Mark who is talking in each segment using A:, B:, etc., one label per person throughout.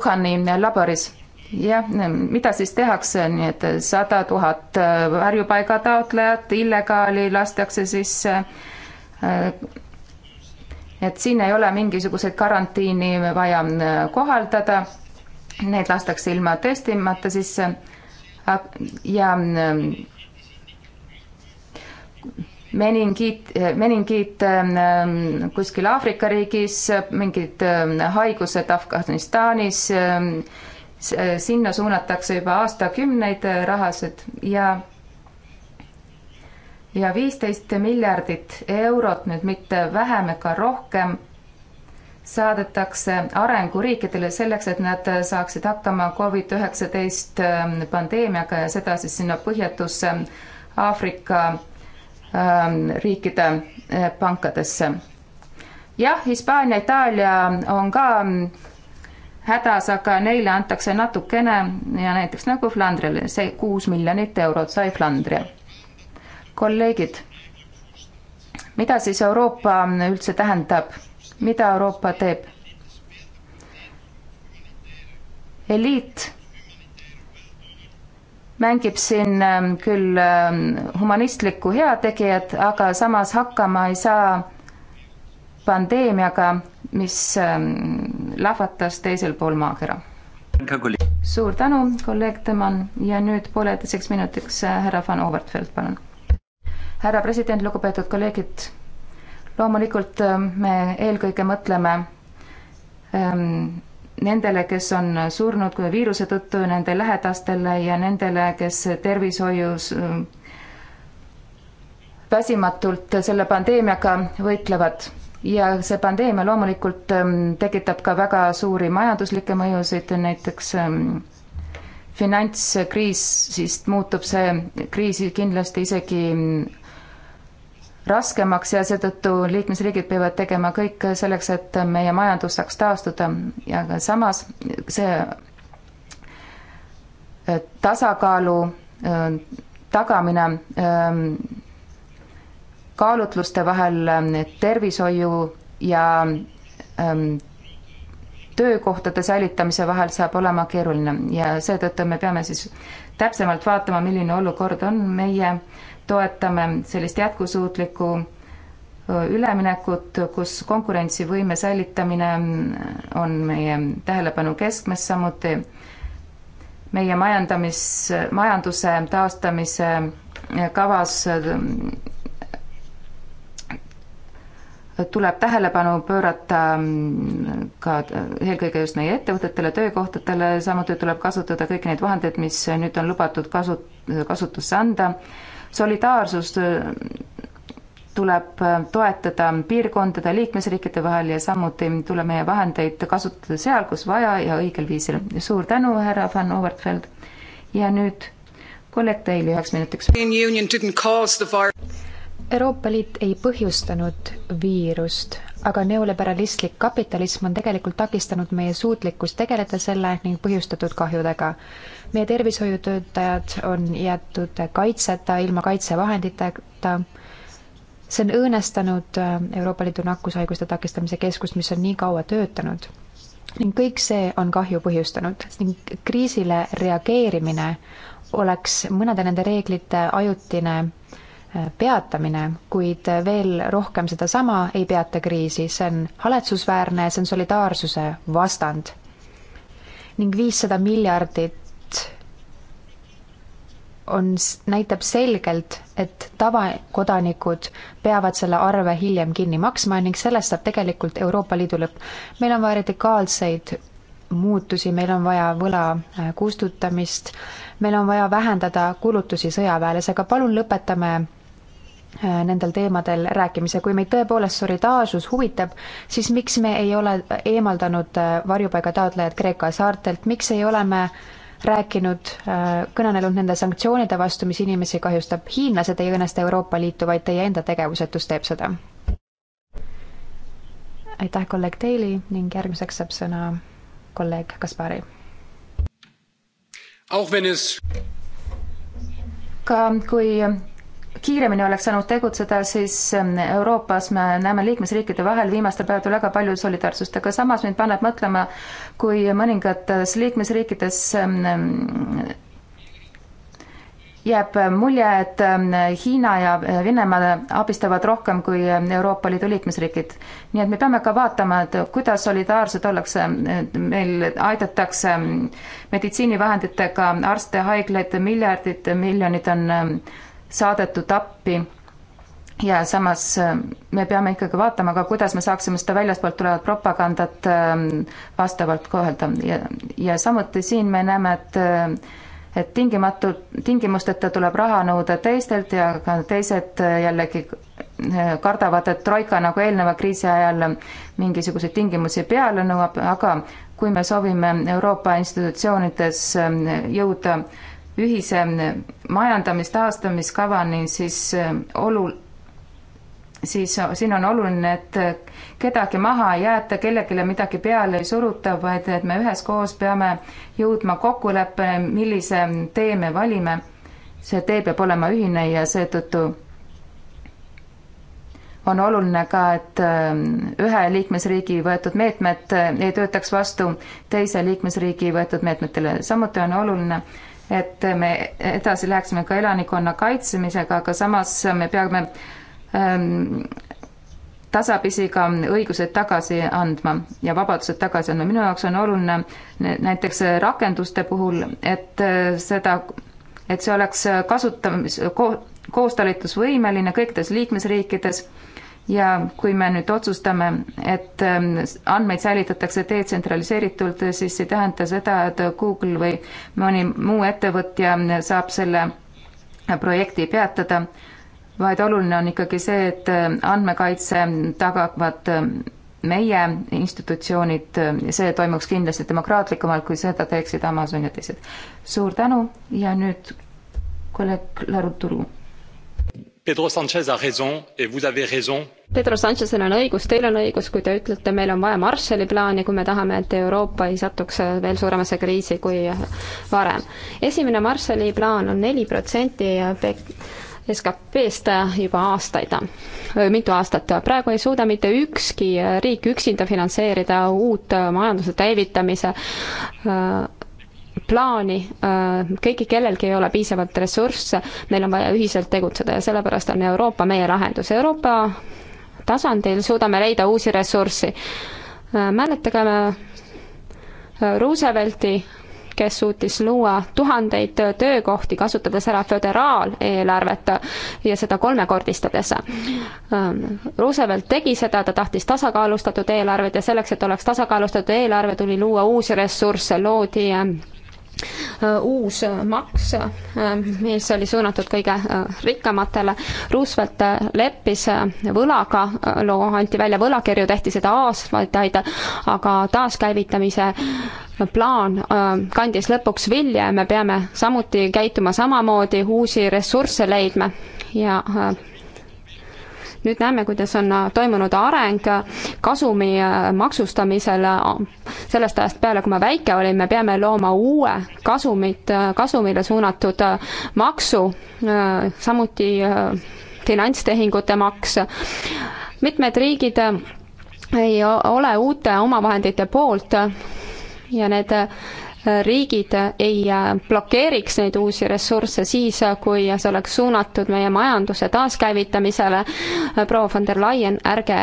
A: Wuhani laboris jah, mida siis tehakse, nii et sada tuhat äh, varjupaiga taotlejat, illegaali lastakse sisse. Äh, et siin ei ole mingisuguseid karantiini vaja äh, kohaldada. Need lastakse ilma testimata sisse ja meningiit, meningiit ähm, ähm, kuskil Aafrika riigis, mingid ähm, haigused Afganistanis, äh, sinna suunatakse juba aastakümneid äh, rahasid ja ja viisteist miljardit eurot, nüüd mitte vähem ega rohkem, saadetakse arenguriikidele selleks, et nad saaksid hakkama Covid-19 pandeemiaga ja seda siis sinna põhjatusse Aafrika Ähm, riikide äh, pankadesse. jah, Hispaania, Itaalia on ka mm, hädas, aga neile antakse natukene ja näiteks nagu Flandrile, see kuus miljonit eurot sai Flandria. kolleegid, mida siis Euroopa mm, üldse tähendab, mida Euroopa teeb? eliit mängib siin ähm, küll ähm, humanistlikku heategijat, aga samas hakkama ei saa pandeemiaga, mis ähm, lahvatas teisel pool maakera. suur tänu, kolleeg Tõman ja nüüd pooleteiseks minutiks äh, härra Van Overtfeld, palun. härra president, lugupeetud kolleegid, loomulikult äh, me eelkõige mõtleme ähm, nendele, kes on surnud viiruse tõttu, nende lähedastele ja nendele, kes tervishoius mm, väsimatult selle pandeemiaga võitlevad ja see pandeemia loomulikult mm, tekitab ka väga suuri majanduslikke mõjusid, näiteks mm, finantskriis, siis muutub see kriisi kindlasti isegi raskemaks ja seetõttu liikmesriigid peavad tegema kõik selleks, et meie majandus saaks taastuda ja samas see äh, tasakaalu äh, tagamine äh, kaalutluste vahel tervishoiu ja ähm, töökohtade säilitamise vahel saab olema keeruline ja seetõttu me peame siis täpsemalt vaatama, milline olukord on meie äh, toetame sellist jätkusuutlikku üleminekut, kus konkurentsivõime säilitamine on meie tähelepanu keskmes, samuti meie majandamis, majanduse taastamise kavas tuleb tähelepanu pöörata mm, ka eelkõige just meie ettevõtetele, töökohtadele, samuti tuleb kasutada kõiki neid vahendeid, mis nüüd on lubatud kasu, kasutusse anda solidaarsust äh, tuleb äh, toetada piirkondade, liikmesriikide vahel ja samuti tuleb meie vahendeid kasutada seal, kus vaja ja õigel viisil. suur tänu, härra Van Overtfeld. ja nüüd kolleeg teile üheks minutiks.
B: Euroopa Liit ei põhjustanud viirust, aga neoliberalistlik kapitalism on tegelikult takistanud meie suutlikkust tegeleda selle ning põhjustatud kahjudega meie tervishoiutöötajad on jäetud kaitseta, ilma kaitsevahenditeta. see on õõnestanud Euroopa Liidu nakkushaiguste takistamise keskust, mis on nii kaua töötanud. ning kõik see on kahju põhjustanud ning kriisile reageerimine oleks mõnede nende reeglite ajutine äh, peatamine, kuid veel rohkem sedasama ei peata kriisi, see on haletsusväärne, see on solidaarsuse vastand. ning viissada miljardit debatt on, näitab selgelt, et tavakodanikud peavad selle arve hiljem kinni maksma ning sellest saab tegelikult Euroopa Liidu lõpp. meil on vaja radikaalseid muutusi, meil on vaja võla äh, kustutamist, meil on vaja vähendada kulutusi sõjaväeles, aga palun lõpetame äh, nendel teemadel rääkimise, kui meid tõepoolest solidaarsus huvitab, siis miks me ei ole eemaldanud äh, varjupaiga taotlejad Kreeka saartelt, miks ei ole me äh, rääkinud, äh, kõnelenud nende sanktsioonide vastu, mis inimesi kahjustab. hiinlased ei õõnesta Euroopa Liitu, vaid teie enda tegevusetus teeb seda. aitäh, kolleeg Daly ning järgmiseks saab sõna kolleeg Kaspari. ka
A: kui kiiremini oleks saanud tegutseda, siis ähm, Euroopas me näeme liikmesriikide vahel viimastel päevadel väga palju solidaarsust, aga samas mind paneb mõtlema, kui mõningates liikmesriikides ähm, jääb mulje, et ähm, Hiina ja äh, Venemaa abistavad rohkem kui Euroopa Liidu liikmesriigid. nii et me peame ka vaatama, et kuidas solidaarsed ollakse, meil aidatakse meditsiinivahenditega arste, haiglaid, miljardid, miljonid on saadetud appi ja samas äh, me peame ikkagi vaatama ka, kuidas me saaksime seda väljastpoolt tulevat propagandat ähm, vastavalt kohelda ja, ja samuti siin me näeme, et äh, et tingimatu, tingimusteta tuleb raha nõuda teistelt ja ka teised äh, jällegi kardavad, et Troika nagu eelneva kriisi ajal mingisuguseid tingimusi peale nõuab, aga kui me soovime Euroopa institutsioonides jõuda ühise majandamistaastamiskavani, siis äh, olu-, siis siin on oluline, et äh, kedagi maha ei jäeta, kellelegi midagi peale ei suruta, vaid et me üheskoos peame jõudma kokkuleppele, millise tee me valime. see tee peab olema ühine ja seetõttu on oluline ka, et äh, ühe liikmesriigi võetud meetmed ei töötaks vastu teise liikmesriigi võetud meetmetele. samuti on oluline, et me edasi läheksime ka elanikkonna kaitsemisega, aga samas me peame ähm, tasapisi ka õigused tagasi andma ja vabadused tagasi andma. minu jaoks on oluline näiteks rakenduste puhul, et äh, seda, et see oleks kasutamis ko,, koostalitusvõimeline kõikides liikmesriikides ja kui me nüüd otsustame, et ähm, andmeid säilitatakse detsentraliseeritult, siis see ei tähenda seda, et Google või mõni muu ettevõtja saab selle projekti peatada, vaid oluline on ikkagi see, et ähm, andmekaitse tagavad ähm, meie institutsioonid, see toimuks kindlasti demokraatlikumalt, kui seda teeksid Amazon ja teised. suur tänu ja nüüd kolleeg Laru Turu Pedro Sanchez a raison et vous avez raison. Pedro Sanchezil on õigus,
C: teil on õigus, kui te ütlete, meil on vaja Marshalli plaani, kui me tahame, et Euroopa ei satuks äh, veel suuremasse kriisi kui äh, varem. esimene Marshalli plaan on neli protsenti äh, SKP-st juba aastaid, mitu aastat. praegu ei suuda mitte ükski riik üksinda finantseerida uut majanduse käivitamise plaani, äh, kõigil kellelgi ei ole piisavalt ressursse, meil on vaja ühiselt tegutseda ja sellepärast on Euroopa meie lahendus. Euroopa tasandil suudame leida uusi ressurssi. Äh, mäletage äh, Roosevelti kes suutis luua tuhandeid töökohti, kasutades ära föderaaleelarvet ja seda kolmekordistades. Ähm, Roosevelt tegi seda, ta tahtis tasakaalustatud eelarvet ja selleks, et oleks tasakaalustatud eelarve, tuli luua uusi ressursse, loodi ähm, Äh, uus maks, äh, mis oli suunatud kõige äh, rikkamatele. Roosevelt leppis võlaga, loo anti välja võlakirju, tehti seda aastaid, aga taaskäivitamise plaan kandis lõpuks vilja ja me peame samuti käituma samamoodi, uusi ressursse leidma ja nüüd näeme, kuidas on äh, toimunud areng äh, kasumi äh, maksustamisel sellest ajast peale, kui me väike olime, peame looma uue kasumit, kasumile suunatud maksu, samuti finantstehingute maks, mitmed riigid ei ole uute omavahendite poolt ja need riigid ei äh, blokeeriks neid uusi ressursse siis, äh, kui see oleks suunatud meie majanduse taaskäivitamisele. Äh, proua von der Leyen, ärge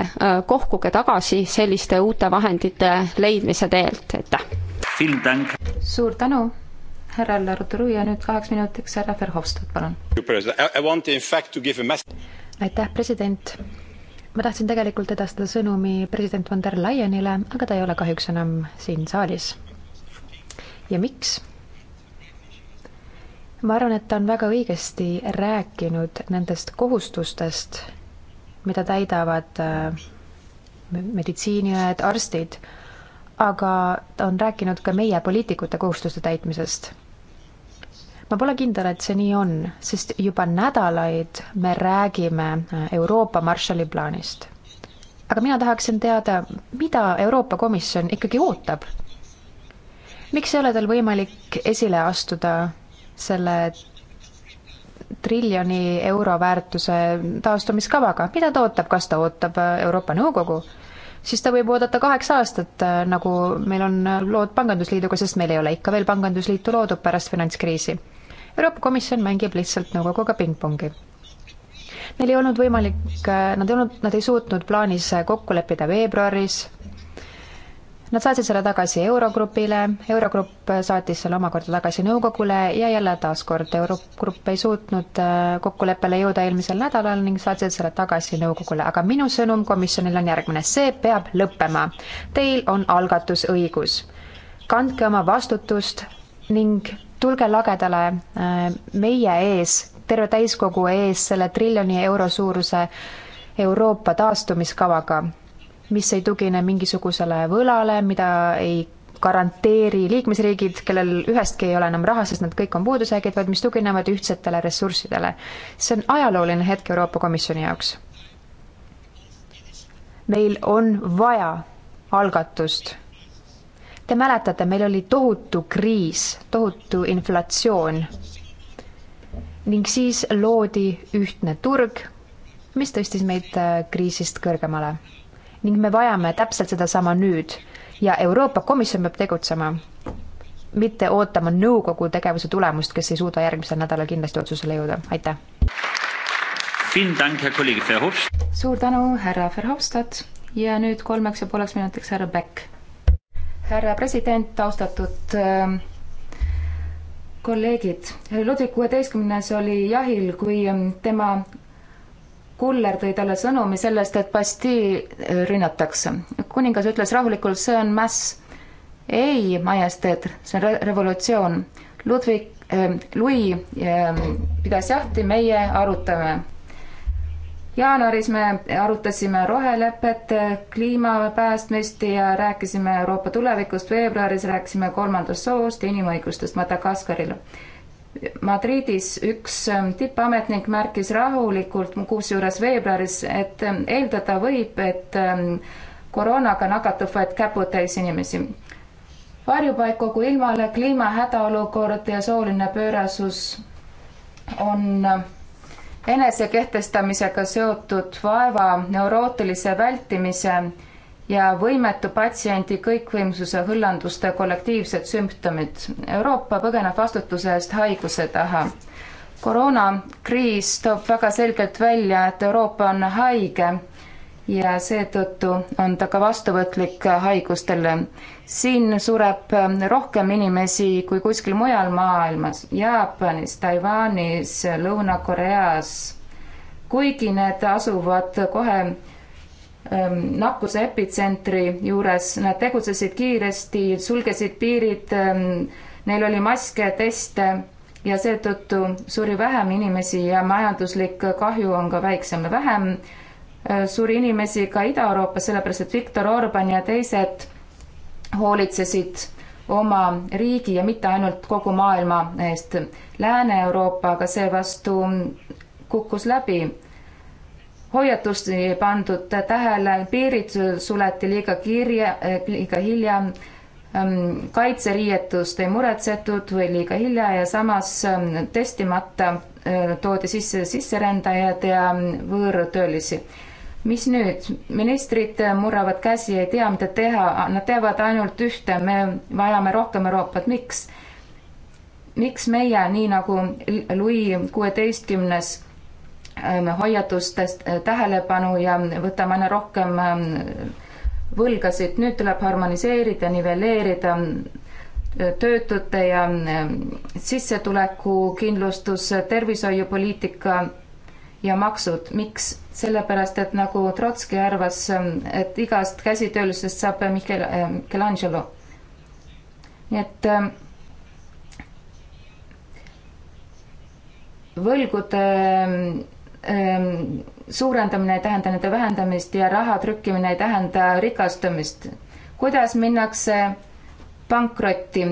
C: kohkuge tagasi selliste uute vahendite leidmise teelt, aitäh!
B: suur tänu! härra Allar Turu ja nüüd kaheks minutiks härra Verhofstadt, palun. aitäh, president. ma tahtsin tegelikult edastada sõnumi president von der Leyenile, aga ta ei ole kahjuks enam siin saalis ja miks? ma arvan, et ta on väga õigesti rääkinud nendest kohustustest, mida täidavad äh, meditsiiniõed, arstid, aga ta on rääkinud ka meie poliitikute kohustuste täitmisest. ma pole kindel, et see nii on, sest juba nädalaid me räägime äh, Euroopa Marshalli plaanist. aga mina tahaksin teada, mida Euroopa Komisjon ikkagi ootab miks ei ole teil võimalik esile astuda selle triljoni euro väärtuse taastumiskavaga, mida ta ootab, kas ta ootab äh, Euroopa Nõukogu? siis ta võib oodata kaheksa aastat, äh, nagu meil on lood Pangandusliiduga, sest meil ei ole ikka veel Pangandusliitu loodud pärast finantskriisi. Euroopa Komisjon mängib lihtsalt nõukoguga pingpongi. Neil ei olnud võimalik, äh, nad ei olnud, nad ei suutnud plaanis kokku leppida veebruaris, Nad saatsid selle tagasi Eurogrupile, Eurogrupp saatis selle omakorda tagasi nõukogule ja jälle taaskord Eurogrupp ei suutnud äh, kokkuleppele jõuda eelmisel nädalal ning saatsid selle tagasi nõukogule, aga minu sõnum komisjonile on järgmine, see peab lõppema. Teil on algatusõigus. kandke oma vastutust ning tulge lagedale äh, meie ees, terve täiskogu ees selle triljoni euro suuruse Euroopa taastumiskavaga mis ei tugine mingisugusele võlale, mida ei garanteeri liikmesriigid, kellel ühestki ei ole enam raha, sest nad kõik on puudusjäägid, vaid mis tuginevad ühtsetele ressurssidele. see on ajalooline hetk Euroopa Komisjoni jaoks. meil on vaja algatust. Te mäletate, meil oli tohutu kriis, tohutu inflatsioon ning siis loodi ühtne turg, mis tõstis meid äh, kriisist kõrgemale ning me vajame täpselt sedasama nüüd ja Euroopa Komisjon peab tegutsema, mitte ootama nõukogu tegevuse tulemust, kes ei suuda järgmisel nädalal kindlasti otsusele jõuda, aitäh. suur tänu, härra Verhofstadt
A: ja nüüd kolmeks ja pooleks minutiks härra Beck. härra president, austatud äh, kolleegid, Ludvig kuueteistkümnes oli jahil, kui ähm, tema kuller tõi talle sõnumi sellest, et Bastille äh, rünnatakse. kuningas ütles rahulikult, see on mäss. ei, majesteet, see on re revolutsioon. Ludwig äh,, Louis äh, pidas jahti, meie arutame. jaanuaris me arutasime rohelepet, äh, kliima päästmist ja rääkisime Euroopa tulevikust, veebruaris rääkisime kolmandast soost ja inimõigustest Madagaskaril Madridis üks ähm, tippametnik märkis rahulikult, kusjuures veebruaris, et ähm, eeldada võib, et ähm, koroonaga nakatub vaid käputäis inimesi. varjupaik kogu ilmale, kliima hädaolukord ja sooline pöörasus on enesekehtestamisega seotud vaeva neurootilise vältimise ja võimetu patsiendi kõikvõimsuse hõllanduste kollektiivsed sümptomid. Euroopa põgeneb vastutuse eest haiguse taha. koroonakriis toob väga selgelt välja, et Euroopa on haige ja seetõttu on ta ka vastuvõtlik haigustele. siin sureb rohkem inimesi kui kuskil mujal maailmas, Jaapanis, Taiwanis, Lõuna-Koreas, kuigi need asuvad kohe Ehm, nakkuse epitsentri juures, nad tegutsesid kiiresti, sulgesid piirid, ehm, neil oli maske, teste ja seetõttu suri vähem inimesi ja majanduslik kahju on ka väiksem, vähem ehm, suri inimesi ka Ida-Euroopas, sellepärast et Viktor Orban ja teised hoolitsesid oma riigi ja mitte ainult kogu maailma eest. Lääne-Euroopa aga seevastu kukkus läbi hoiatust ei pandud tähele, piirid suleti liiga kirja, liiga hilja, ähm, kaitseriietust ei muretsetud või liiga hilja ja samas ähm, testimata äh, toodi sisse sisserändajad ja ähm, võõrtöölisi. mis nüüd, ministrid murravad käsi, ei tea, mida teha, nad teavad ainult ühte, me vajame rohkem Euroopat, miks? miks meie, nii nagu Louis kuueteistkümnes Ähm, hoiatustest äh, tähelepanu ja võtame aina rohkem ähm, võlgasid, nüüd tuleb harmoniseerida, nivelleerida äh, töötute ja ähm, sissetuleku kindlustus, äh, tervishoiupoliitika ja maksud, miks? sellepärast, et nagu Trotski arvas, et igast käsitöölisest saab Michel, Michelangelo. nii et võlgude Ehm, suurendamine ei tähenda nende vähendamist ja raha trükkimine ei tähenda rikastumist. kuidas minnakse pankrotti?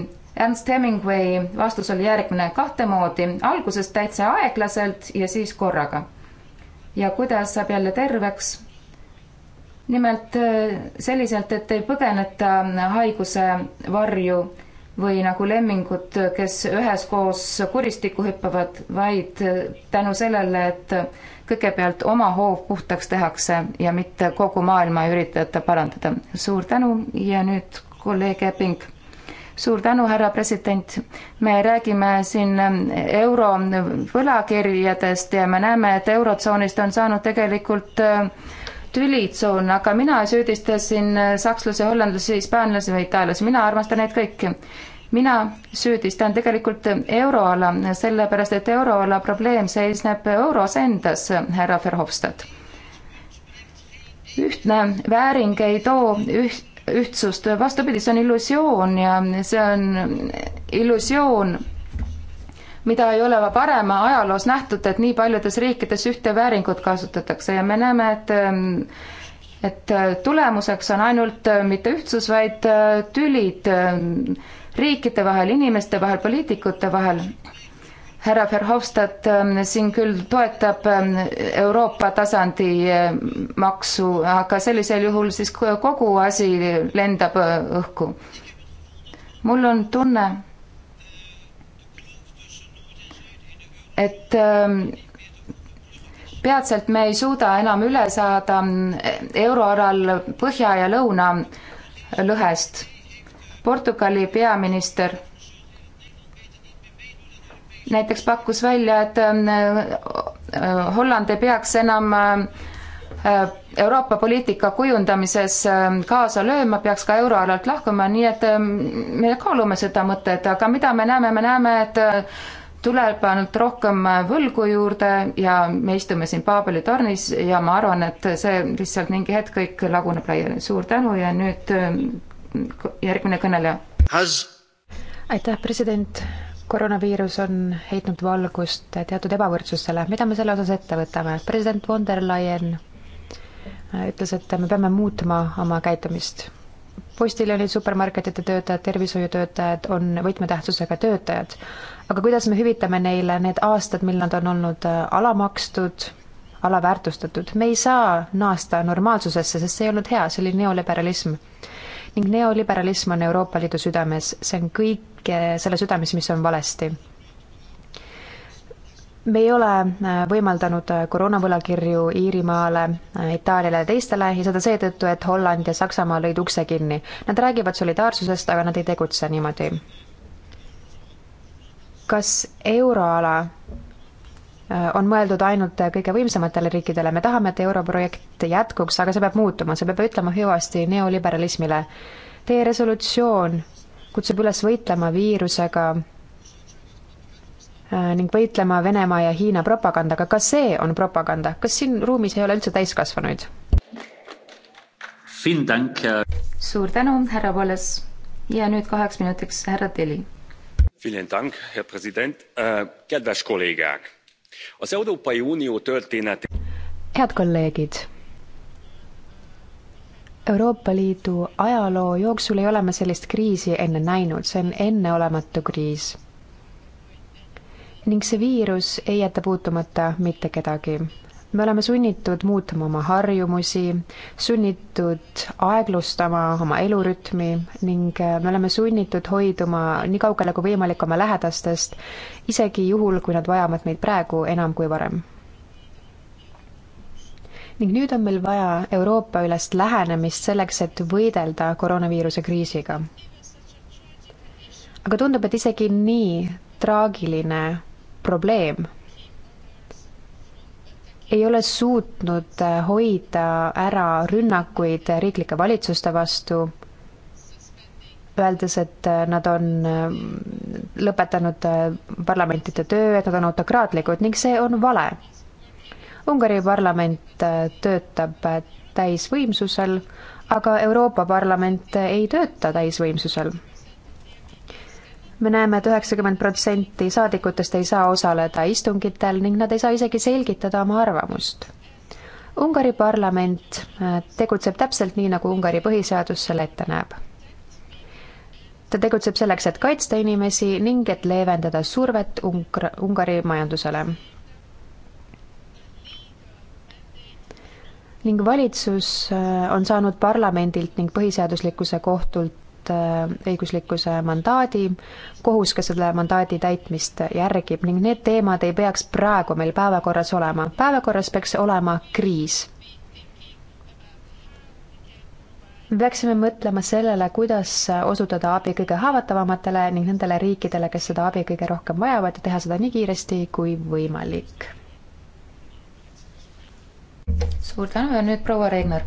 A: Ernst Hemingway vastus oli järgmine, kahte moodi, alguses täitsa aeglaselt ja siis korraga. ja kuidas saab jälle terveks? nimelt eh, selliselt, et ei põgeneta haiguse varju või nagu lemmingud, kes üheskoos kuristikku hüppavad, vaid tänu sellele, et kõigepealt oma hoov puhtaks tehakse ja mitte kogu maailma ei üritata parandada. suur tänu ja nüüd kolleeg Epping. suur tänu, härra president. me räägime siin euro võlakirjadest ja me näeme, et eurotsoonist on saanud tegelikult äh, tülitsoon, aga mina süüdistasin sakslasi, hollandlasi, hispaanlasi või itaallasi, mina armastan neid kõiki. mina süüdistan tegelikult euroala, sellepärast et euroala probleem seisneb euros endas, härra Verhofstadt. ühtne vääring ei too üht, ühtsust, vastupidi, see on illusioon ja see on illusioon mida ei ole varem ajaloos nähtud, et nii paljudes riikides ühte vääringut kasutatakse ja me näeme, et ähm, et äh, tulemuseks on ainult äh, mitte ühtsus, vaid äh, tülid ähm, riikide vahel, inimeste vahel, poliitikute vahel härra Verhofstadt ähm, siin küll toetab Euroopa tasandi maksu, aga sellisel juhul siis kogu asi lendab õhku. mul on tunne, et ähm, peatselt me ei suuda enam üle saada äh, euroalal põhja ja lõuna lõhest. Portugali peaminister näiteks pakkus välja, et ähm, äh, Holland ei peaks enam äh, Euroopa poliitika kujundamises ähm, kaasa lööma, peaks ka euroalalt lahkuma, nii et me kaalume seda mõtet, aga mida me näeme, me näeme, et tuleb ainult rohkem võlgu juurde ja me istume siin Paabeli tornis ja ma arvan, et see lihtsalt mingi hetk kõik laguneb laiali. suur tänu ja nüüd ähm, järgmine kõneleja. aitäh,
B: president. koroonaviirus on heitnud valgust teatud ebavõrdsusele, mida me selle osas ette võtame? president von der Leyen äh, ütles, et me peame muutma oma käitumist postiljonid, supermarketite töötajad, tervishoiutöötajad on võtmetähtsusega töötajad. aga kuidas me hüvitame neile need aastad, mil nad on olnud äh, alamakstud, alaväärtustatud, me ei saa naasta normaalsusesse, sest see ei olnud hea, see oli neoliberalism. ning neoliberalism on Euroopa Liidu südames, see on kõik selle südames, mis on valesti me ei ole äh, võimaldanud äh, koroonavõlakirju Iirimaale, äh, Itaaliale ja teistele ja seda seetõttu, et Holland ja Saksamaa lõid ukse kinni. Nad räägivad solidaarsusest, aga nad ei tegutse niimoodi. kas euroala on mõeldud ainult kõige võimsamatele riikidele, me tahame, et europrojekt jätkuks, aga see peab muutuma, see peab ütlema hüvasti neoliberalismile. Teie resolutsioon kutsub üles võitlema viirusega Äh, ning võitlema Venemaa ja Hiina propagandaga, ka see on propaganda, kas siin ruumis ei ole üldse täiskasvanuid?
A: suur tänu, härra Wallace ja nüüd kaheks minutiks härra Teli. Äh,
B: head kolleegid. Euroopa Liidu ajaloo jooksul ei ole me sellist kriisi enne näinud, see on enneolematu kriis ning see viirus ei jäta puutumata mitte kedagi. me oleme sunnitud muutma oma harjumusi, sunnitud aeglustama oma elurütmi ning äh, me oleme sunnitud hoiduma nii kaugele kui võimalik oma lähedastest, isegi juhul, kui nad vajavad meid praegu enam kui varem ning nüüd on meil vaja Euroopa-ülest lähenemist selleks, et võidelda koroonaviiruse kriisiga. aga tundub, et isegi nii traagiline probleem ei ole suutnud äh, hoida ära rünnakuid riiklike valitsuste vastu, öeldes, et äh, nad on äh, lõpetanud parlamentide töö, et nad on autokraatlikud ning see on vale. Ungari parlament töötab täisvõimsusel, aga Euroopa Parlament ei tööta täisvõimsusel me näeme et, et üheksakümmend protsenti saadikutest ei saa osaleda istungitel ning nad ei saa isegi selgitada oma arvamust. Ungari parlament äh, tegutseb täpselt nii, nagu Ungari põhiseadus selle ette näeb. ta tegutseb selleks, et kaitsta inimesi ning et leevendada survet Ungar-, Ungari majandusele. ning valitsus äh, on saanud parlamendilt ning põhiseaduslikkuse kohtult saanud äh, õiguslikkuse mandaadi, kohus ka selle mandaadi täitmist järgib ning need teemad ei peaks praegu meil päevakorras olema. päevakorras peaks olema kriis. me peaksime mõtlema sellele, kuidas osutada abi kõige haavatavamatele ning nendele riikidele, kes seda abi kõige rohkem vajavad ja teha seda nii kiiresti kui võimalik. suur
A: tänu ja nüüd proua Reignar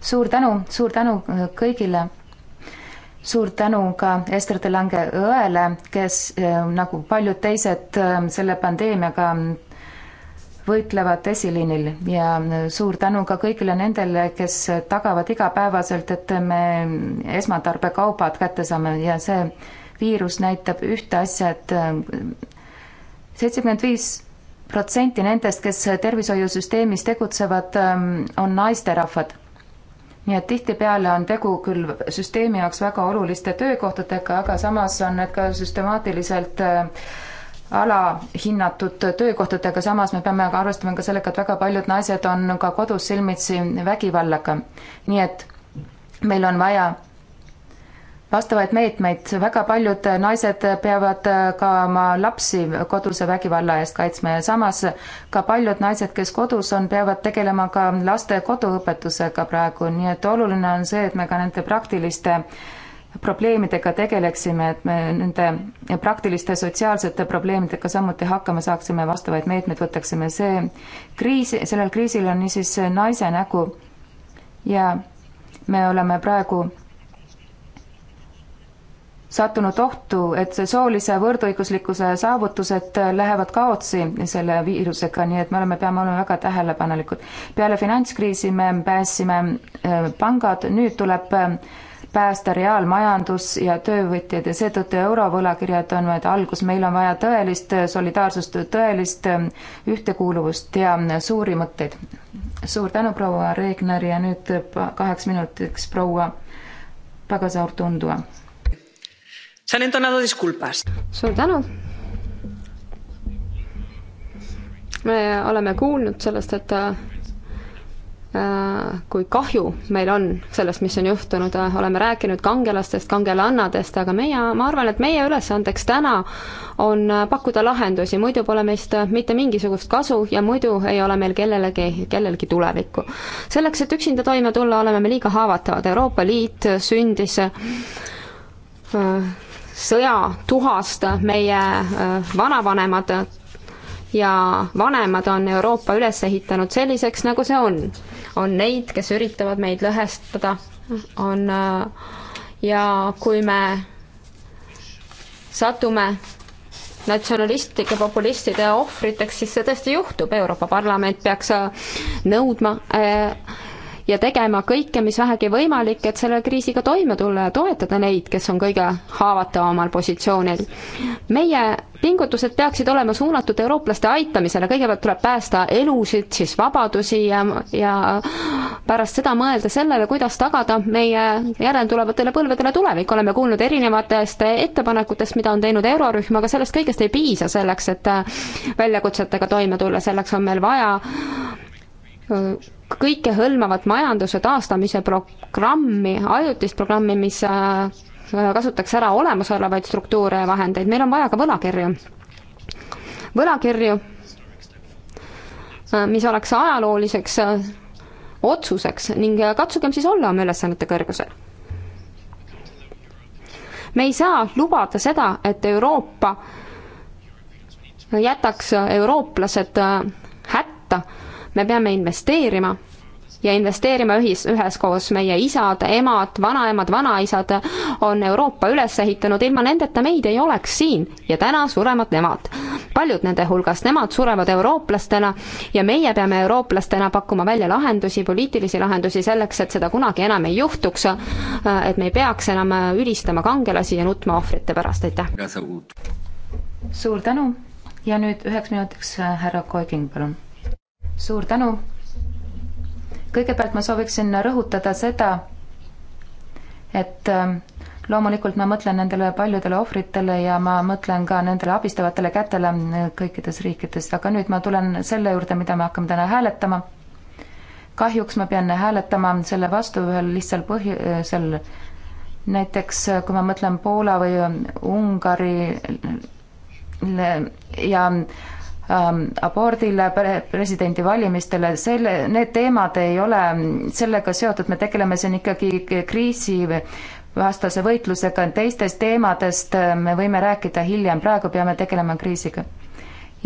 A: suur tänu, suur tänu kõigile suur tänu ka Ester de Lange õele, kes eh, nagu paljud teised eh, selle pandeemiaga võitlevad esiliinil ja eh, suur tänu ka kõigile nendele, kes tagavad igapäevaselt, et me esmatarbekaubad kätte saame ja see viirus näitab ühte asja, et seitsekümmend viis protsenti nendest, kes tervishoiusüsteemis tegutsevad, on naisterahvad nii et tihtipeale on tegu küll süsteemi jaoks väga oluliste töökohtadega, aga samas on need ka süstemaatiliselt äh, alahinnatud töökohtadega, samas me peame ka arvestama ka sellega, et väga paljud naised on ka kodus silmitsi vägivallaga. nii et meil on vaja vastavaid meetmeid, väga paljud naised peavad ka oma lapsi koduse vägivalla eest kaitsma ja samas ka paljud naised, kes kodus on, peavad tegelema ka laste koduõpetusega praegu, nii et oluline on see, et me ka nende praktiliste probleemidega tegeleksime, et me nende praktiliste sotsiaalsete probleemidega samuti hakkama saaksime, vastavaid meetmeid võtaksime. see kriis, sellel kriisil on niisiis naise nägu ja me oleme praegu sattunud ohtu, et soolise võrdõiguslikkuse saavutused lähevad kaotsi selle viirusega, nii et me oleme, peame olema väga tähelepanelikud. peale finantskriisi me päästsime äh, pangad, nüüd tuleb äh, päästa reaalmajandus ja töövõtjad ja seetõttu eurovõlakirjad on vaid algus, meil on vaja tõelist äh, solidaarsust, tõelist ühtekuuluvust ja suuri mõtteid. suur tänu, proua Regner ja nüüd kaheks minutiks proua Pagasaur Tundua
B: se han entonado disculpas.
A: suur tänu. me oleme
C: kuulnud sellest, et äh, kui kahju meil on sellest, mis on juhtunud, oleme rääkinud kangelastest, kangelannadest, aga meie, ma arvan, et meie ülesandeks täna on pakkuda lahendusi, muidu pole meist mitte mingisugust kasu ja muidu ei ole meil kellelegi, kellelgi tulevikku. selleks, et üksinda toime tulla, oleme me liiga haavatavad, Euroopa Liit sündis äh, sõjatuhast meie äh, vanavanemad ja vanemad on Euroopa üles ehitanud selliseks, nagu see on. on neid, kes üritavad meid lõhestada, on äh, ja kui me satume natsionalistlike populistide ohvriteks, siis see tõesti juhtub, Euroopa Parlament peaks äh, nõudma äh, ja tegema kõike, mis vähegi võimalik, et selle kriisiga toime tulla ja toetada neid, kes on kõige haavatavamal positsioonil. meie pingutused peaksid olema suunatud eurooplaste aitamisele, kõigepealt tuleb päästa elusid, siis vabadusi ja, ja pärast seda mõelda sellele, kuidas tagada meie järeltulevatele põlvedele tulevik, oleme kuulnud erinevatest ettepanekutest, mida on teinud eurorühm, aga sellest kõigest ei piisa selleks, et väljakutsetega toime tulla, selleks on meil vaja kõikehõlmavat majanduse taastamise programmi, ajutist programmi, mis äh, kasutaks ära olemasolevaid struktuure ja vahendeid, meil on vaja ka võlakirju. võlakirju, äh, mis oleks ajalooliseks äh, otsuseks ning katsugem siis olla oma ülesannete kõrgusel. me ei saa lubada seda, et Euroopa jätaks eurooplased hätta me peame investeerima ja investeerima ühis, üheskoos. meie isad, emad, vanaemad, vanaisad on Euroopa üles ehitanud, ilma nendeta meid ei oleks siin ja täna surevad nemad. paljud nende hulgast, nemad surevad eurooplastena ja meie peame eurooplastena pakkuma välja lahendusi, poliitilisi lahendusi selleks, et seda kunagi enam ei juhtuks, et me ei peaks enam ülistama kangelasi ja nutma ohvrite pärast, aitäh!
A: suur tänu ja nüüd üheks minutiks äh, härra Koiging, palun suur tänu. kõigepealt ma sooviksin rõhutada seda, et ähm, loomulikult ma mõtlen nendele paljudele ohvritele ja ma mõtlen ka nendele abistavatele kätele äh, kõikides riikides, aga nüüd ma tulen selle juurde, mida me hakkame täna hääletama. kahjuks ma pean hääletama selle vastu ühel lihtsal põhjusel. Äh, näiteks äh, kui ma mõtlen Poola või Ungari ja Ähm, abordile, presidendi valimistele, selle, need teemad ei ole sellega seotud, me tegeleme siin ikkagi kriisi vastase võitlusega, teistest teemadest äh, me võime rääkida hiljem, praegu peame tegelema kriisiga.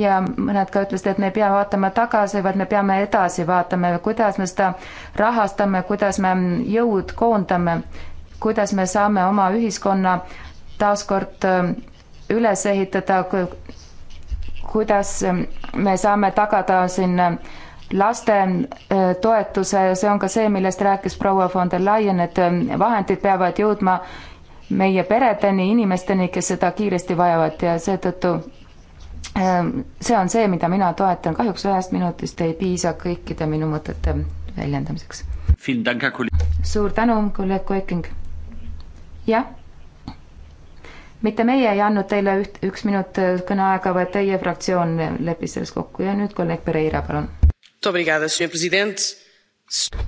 A: ja mõned ka ütlesid, et me ei pea vaatama tagasi, vaid me peame edasi vaatama, kuidas me seda rahastame, kuidas me jõud koondame, kuidas me saame oma ühiskonna taaskord äh, üles ehitada, kuidas ähm, me saame tagada siin äh, laste äh, toetuse, see on ka see, millest rääkis proua von der Leyen, et ähm, vahendid peavad jõudma meie peredeni, inimesteni, kes seda kiiresti vajavad ja seetõttu ähm, see on see, mida mina toetan, kahjuks ühest minutist ei piisa kõikide minu mõtete väljendamiseks. suur tänu, kolleeg Koiking. jah mitte meie ei andnud teile üht, üks minut äh, kõneaega, vaid teie fraktsioon leppis selles kokku ja nüüd kolleeg Pereira, palun.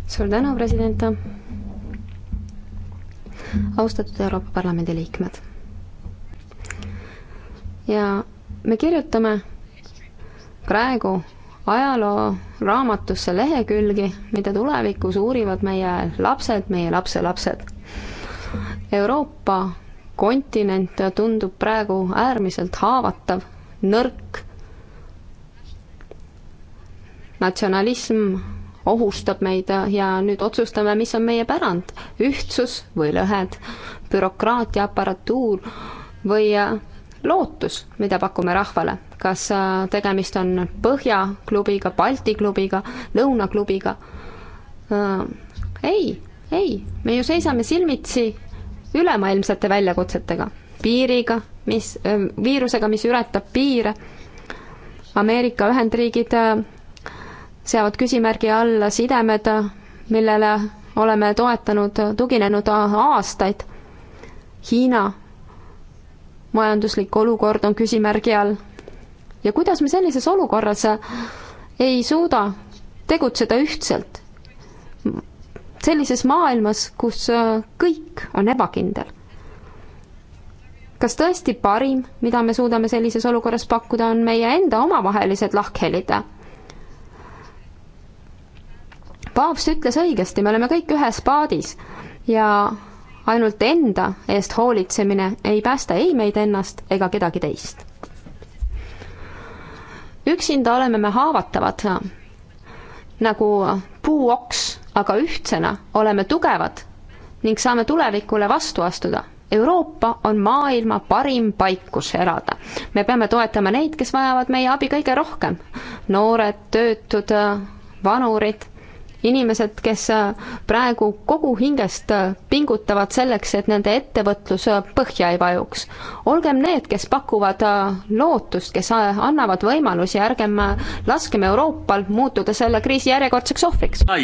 A: suur tänu, president.
C: austatud Euroopa Parlamendi liikmed. ja me kirjutame praegu ajaloo raamatusse lehekülgi, mida tulevikus uurivad meie lapsed, meie lapselapsed. Euroopa kontinent tundub praegu äärmiselt haavatav, nõrk. natsionalism ohustab meid ja nüüd otsustame, mis on meie pärand, ühtsus või lõhed, bürokraatia aparatuur või äh, lootus, mida pakume rahvale, kas äh, tegemist on Põhja klubiga, Balti klubiga, Lõuna klubiga. Äh, ei, ei, me ju seisame silmitsi ülemaailmsete väljakutsetega, piiriga, mis, viirusega, mis ületab piire. Ameerika Ühendriigid seavad küsimärgi alla sidemed, millele oleme toetanud, tuginenud aastaid. Hiina majanduslik olukord on küsimärgi all. ja kuidas me sellises olukorras ei suuda tegutseda ühtselt? sellises maailmas, kus äh, kõik on ebakindel. kas tõesti parim, mida me suudame sellises olukorras pakkuda, on meie enda omavahelised lahkhelid? paavst ütles õigesti, me oleme kõik ühes paadis ja ainult enda eest hoolitsemine ei päästa ei meid ennast ega kedagi teist. üksinda oleme me haavatavad nagu puuoks, aga ühtsena oleme tugevad ning saame tulevikule vastu astuda. Euroopa on maailma parim paik, kus elada. me peame toetama neid, kes vajavad meie abi kõige rohkem. noored, töötud, vanurid inimesed, kes äh, praegu kogu hingest äh, pingutavad selleks, et nende ettevõtlus äh, põhja ei vajuks. olgem need, kes pakuvad lootust, kes annavad võimalusi, ärgem laskem Euroopal muutuda selle kriisi järjekordseks ohvriks.
A: Ah,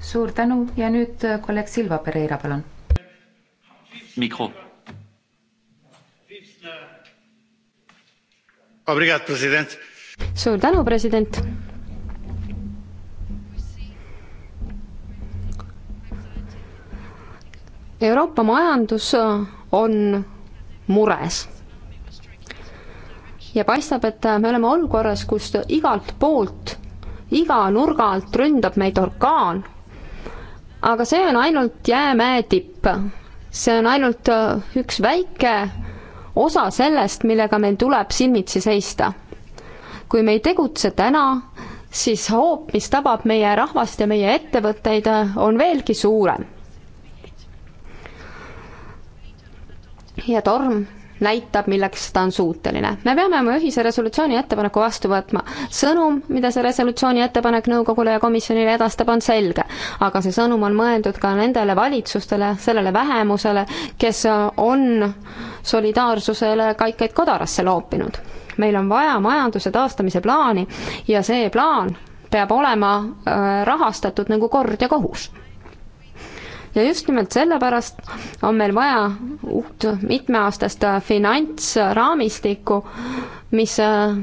A: suur tänu ja nüüd kolleeg Silva Pereira, palun. mikro. suur tänu, president
C: Euroopa majandus äh, on mures. ja paistab, et äh, me oleme olukorras, kus igalt poolt, iga nurga alt ründab meid orkaan. aga see on ainult jäämäe tipp. see on ainult äh, üks väike osa sellest, millega meil tuleb silmitsi seista. kui me ei tegutse täna, siis hoop, mis tabab meie rahvast ja meie ettevõtteid, on veelgi suurem ja torm näitab, milleks ta on suuteline. me peame oma ühise resolutsiooni ettepaneku vastu võtma. sõnum, mida see resolutsiooni ettepanek nõukogule ja komisjonile edastab, on selge. aga see sõnum on mõeldud ka nendele valitsustele, sellele vähemusele, kes on solidaarsusele kaikaid kodarasse loopinud. meil on vaja majanduse taastamise plaani ja see plaan peab olema äh, rahastatud nagu kord ja kohus ja just nimelt sellepärast on meil vaja uut mitmeaastast finantsraamistikku, mis äh,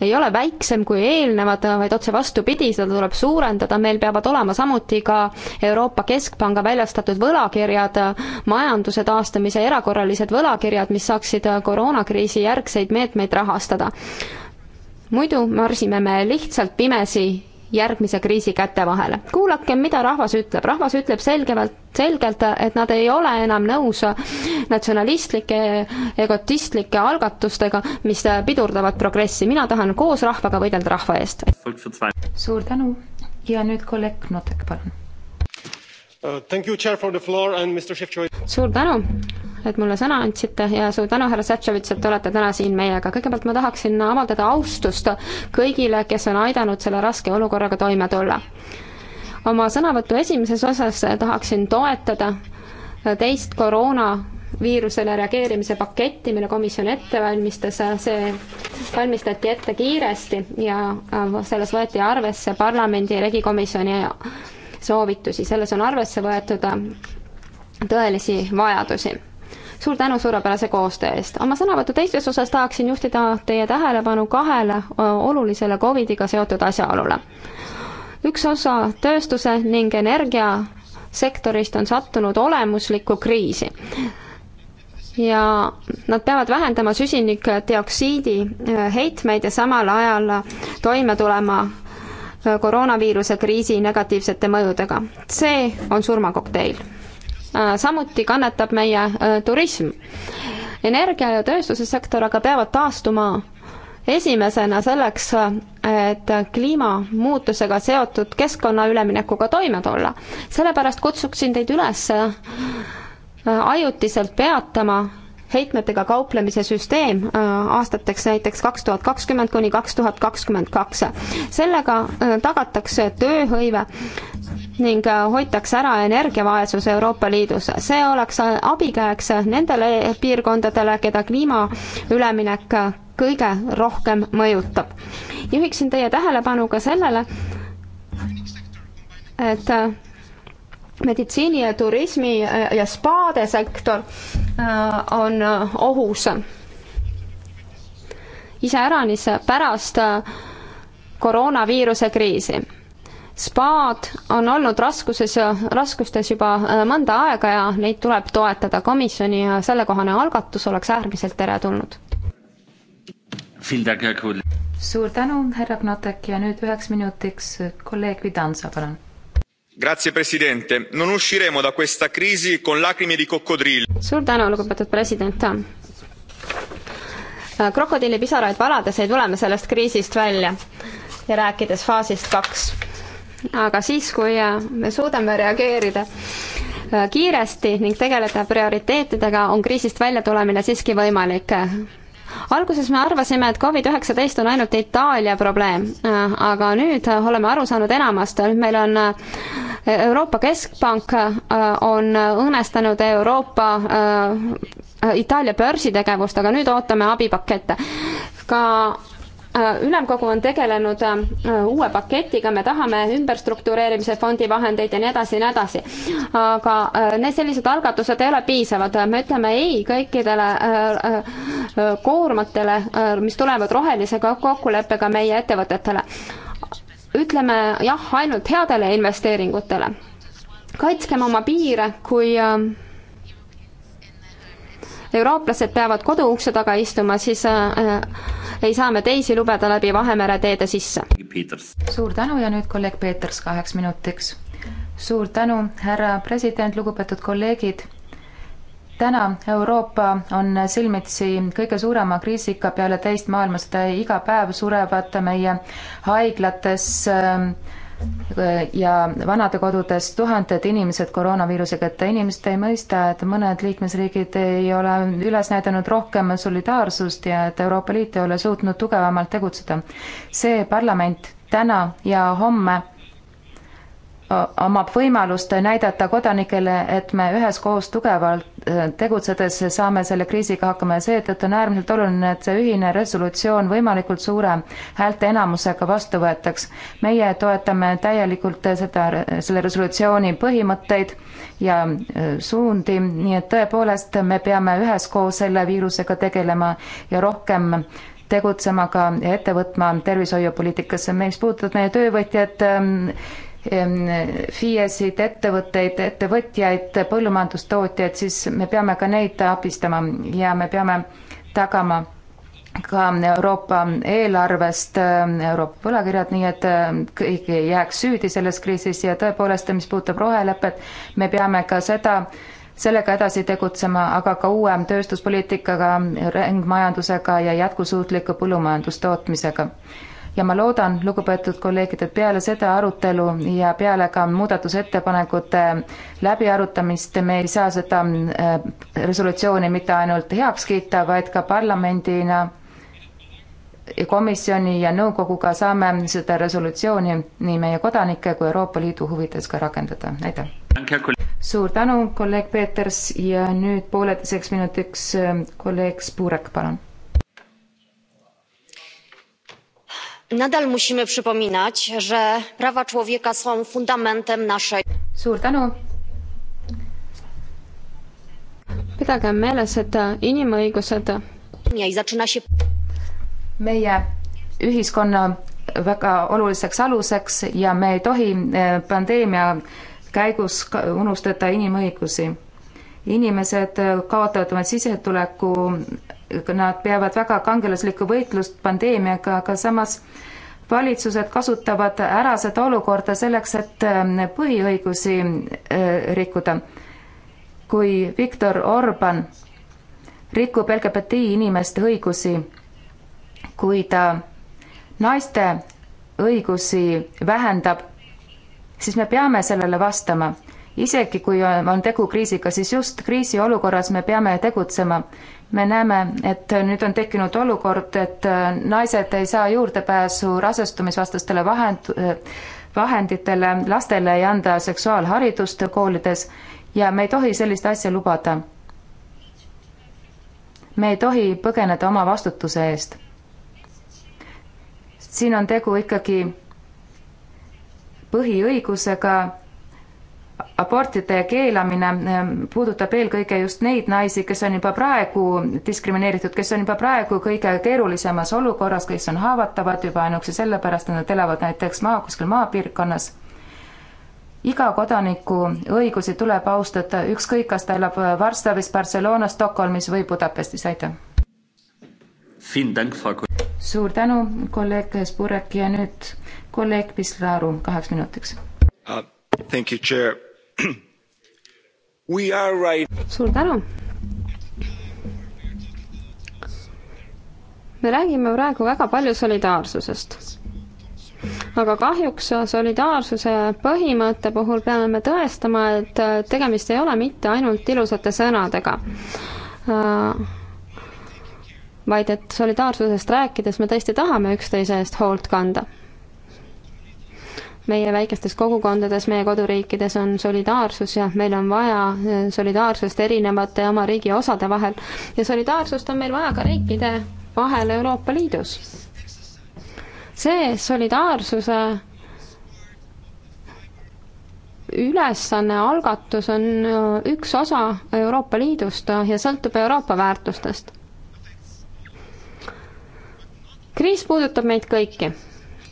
C: ei ole väiksem kui eelnevad, vaid otse vastupidi, seda tuleb suurendada, meil peavad olema samuti ka Euroopa Keskpanga väljastatud võlakirjad, majanduse taastamise erakorralised võlakirjad, mis saaksid koroonakriisi järgseid meetmeid rahastada. muidu marsime me lihtsalt pimesi järgmise kriisi käte vahele. kuulakem, mida rahvas ütleb, rahvas ütleb selgelt, selgelt, et nad ei ole enam nõus natsionalistlike, egotistlike algatustega, mis pidurdavad progressi. mina tahan koos rahvaga võidelda rahva eest. suur tänu ja nüüd kolleeg Knotek, palun. Uh, suur tänu, et mulle sõna andsite ja suur tänu, härra Sätšovitš, et te olete täna siin meiega. kõigepealt ma tahaksin avaldada austust kõigile, kes on aidanud selle raske olukorraga toime tulla. oma sõnavõtu esimeses osas tahaksin toetada teist koroona viirusele reageerimise paketti, mille komisjon ette valmistas, see valmistati ette kiiresti ja selles võeti arvesse parlamendi regikomisjoni soovitusi, selles on arvesse võetud tõelisi vajadusi suur tänu suurepärase koostöö eest. oma sõnavõtu teises osas tahaksin juhtida teie tähelepanu kahele olulisele Covidiga seotud asjaolule. üks osa tööstuse ning energiasektorist on sattunud olemuslikku kriisi ja nad peavad vähendama süsinikdioksiidi heitmeid ja samal ajal toime tulema koroonaviiruse kriisi negatiivsete mõjudega. see on surmakokteil Äh, samuti kannatab meie äh, turism. energia- ja tööstussektor aga peavad taastuma esimesena selleks, äh, et kliimamuutusega seotud keskkonna üleminekuga toime tulla. sellepärast kutsuksin teid üles ajutiselt peatama heitmetega kauplemise süsteem aastateks näiteks kaks tuhat kakskümmend kuni kaks tuhat kakskümmend kaks. sellega tagatakse tööhõive ning äh, hoitaks ära energiavaesus Euroopa Liidus. see oleks äh, abikäeks nendele piirkondadele, keda kliimaüleminek äh, kõige rohkem mõjutab. juhiksin teie tähelepanu ka sellele, et meditsiini ja turismi ja spaade sektor on ohus. iseäranis pärast koroonaviiruse kriisi spaad on olnud raskuses, raskustes juba äh, mõnda aega ja neid tuleb toetada. komisjoni äh, sellekohane algatus oleks äärmiselt teretulnud.
A: suur tänu, härra Gnatek ja nüüd üheks minutiks äh, kolleeg Vidansa, palun
B: signor presidente onorevoli colleghi non usciremo da questa crisi con lacrime di coccodrillo.
A: suur tänu lugupeetud president!
C: krokodillipisaraid valades ei tule me sellest kriisist välja ja rääkides faasist kaks aga siis, kui äh, me suudame reageerida äh, kiiresti ning tegeleda prioriteetidega, on kriisist välja tulemine siiski võimalik. alguses me arvasime, et Covid-19 on ainult Itaalia probleem, äh, aga nüüd oleme aru saanud enamast, nüüd meil on Euroopa Keskpank on õõnestanud Euroopa, Itaalia börsitegevust, aga nüüd ootame abipakette. ka Äh, ülemkogu on tegelenud äh, äh, uue paketiga, me tahame ümberstruktureerimise fondi vahendeid ja nii edasi ja nii edasi. aga need sellised algatused ei ole piisavad, me ütleme ei kõikidele koormatele, mis tulevad rohelise kokkuleppega meie ettevõtetele. ütleme jah ainult headele investeeringutele. kaitskem oma piire, kui äh, eurooplased peavad koduukse taga istuma, siis äh, äh, ei saa me teisi lubada läbi Vahemere teede sisse.
A: suur tänu ja nüüd kolleeg Peeters kaheks minutiks. suur tänu, härra president, lugupeetud kolleegid. täna Euroopa on silmitsi kõige suurema kriisiga peale teist maailmasõda, iga päev surevad meie haiglates äh, ja vanadekodudes tuhanded inimesed koroonaviiruse kätte. inimesed ei mõista, et mõned liikmesriigid ei ole üles näidanud rohkem solidaarsust ja et Euroopa Liit ei ole suutnud tugevamalt tegutseda. see parlament täna ja homme omab võimalust näidata kodanikele, et me üheskoos tugevalt äh, tegutsedes saame selle kriisiga hakkama ja seetõttu on äärmiselt oluline, et see ühine resolutsioon võimalikult suure häälteenamusega vastu võetaks. meie toetame täielikult seda, selle resolutsiooni põhimõtteid ja äh, suundi, nii et tõepoolest me peame üheskoos selle viirusega tegelema ja rohkem tegutsema ka ja ette võtma tervishoiupoliitikasse. mis puudutab meie töövõtjad, ähm, FIE-sid, ettevõtteid, ettevõtjaid, põllumajandustootjaid, siis me peame ka neid abistama ja me peame tagama ka Euroopa eelarvest Euroopa võlakirjad, nii et kõik ei jääks süüdi selles kriisis ja tõepoolest, mis puudutab rohelepet, me peame ka seda, sellega edasi tegutsema, aga ka uue tööstuspoliitikaga, ringmajandusega ja jätkusuutliku põllumajandustootmisega ja ma loodan, lugupeetud kolleegid, et peale seda arutelu ja peale ka muudatusettepanekute läbiarutamist me ei saa seda äh, resolutsiooni mitte ainult heaks kiita, vaid ka parlamendina komisjoni ja nõukoguga saame seda resolutsiooni nii meie kodanike kui Euroopa Liidu huvides ka rakendada, aitäh. suur tänu, kolleeg Peeters ja nüüd pooleteiseks minutiks äh, kolleeg Spurek, palun.
C: nadal musimy przypominać że prawa człowieka są fundamentem naszej. suur tänu. pidage meeles, et äh, inimõigused.
A: meie ühiskonna väga oluliseks aluseks ja me ei tohi äh, pandeemia käigus unustada inimõigusi. inimesed äh, kaotavad oma sisetuleku nad peavad väga kangelaslikku võitlust pandeemiaga, aga samas valitsused kasutavad ära seda olukorda selleks, et ähm, põhiõigusi äh, rikkuda. kui Viktor Orban rikub LGBT inimeste õigusi, kui ta naiste õigusi vähendab, siis me peame sellele vastama isegi kui on tegu kriisiga, siis just kriisiolukorras me peame tegutsema me näeme, et nüüd on tekkinud olukord, et äh, naised ei saa juurdepääsu rasestumisvastastele vahend, vahenditele, lastele ei anda seksuaalharidust koolides ja me ei tohi sellist asja lubada. me ei tohi põgeneda oma vastutuse eest. siin on tegu ikkagi põhiõigusega abortide keelamine eh, puudutab eelkõige just neid naisi, kes on juba praegu diskrimineeritud, kes on juba praegu kõige keerulisemas olukorras, kes on haavatavad juba ainuüksi sellepärast, et nad elavad näiteks maa, kuskil maapiirkonnas. iga kodaniku õigusi tuleb austada, ükskõik, kas ta elab Varssavis, Barcelonas, Stockholmis või Budapestis, aitäh! suur tänu, kolleeg Spurek ja nüüd kolleeg Pislaru kaheks minutiks uh,. Thank you, chair Right. suur tänu.
C: me räägime praegu väga palju solidaarsusest. aga kahjuks solidaarsuse põhimõtte puhul peame me tõestama, et tegemist ei ole mitte ainult ilusate sõnadega vaid et solidaarsusest rääkides me tõesti tahame üksteise eest hoolt kanda meie väikestes kogukondades, meie koduriikides on solidaarsus ja meil on vaja eh, solidaarsust erinevate oma riigi osade vahel ja solidaarsust on meil vaja ka riikide vahel Euroopa Liidus. see solidaarsuse eh, ülesanne, algatus on eh, üks osa Euroopa Liidust ja sõltub Euroopa väärtustest. kriis puudutab meid kõiki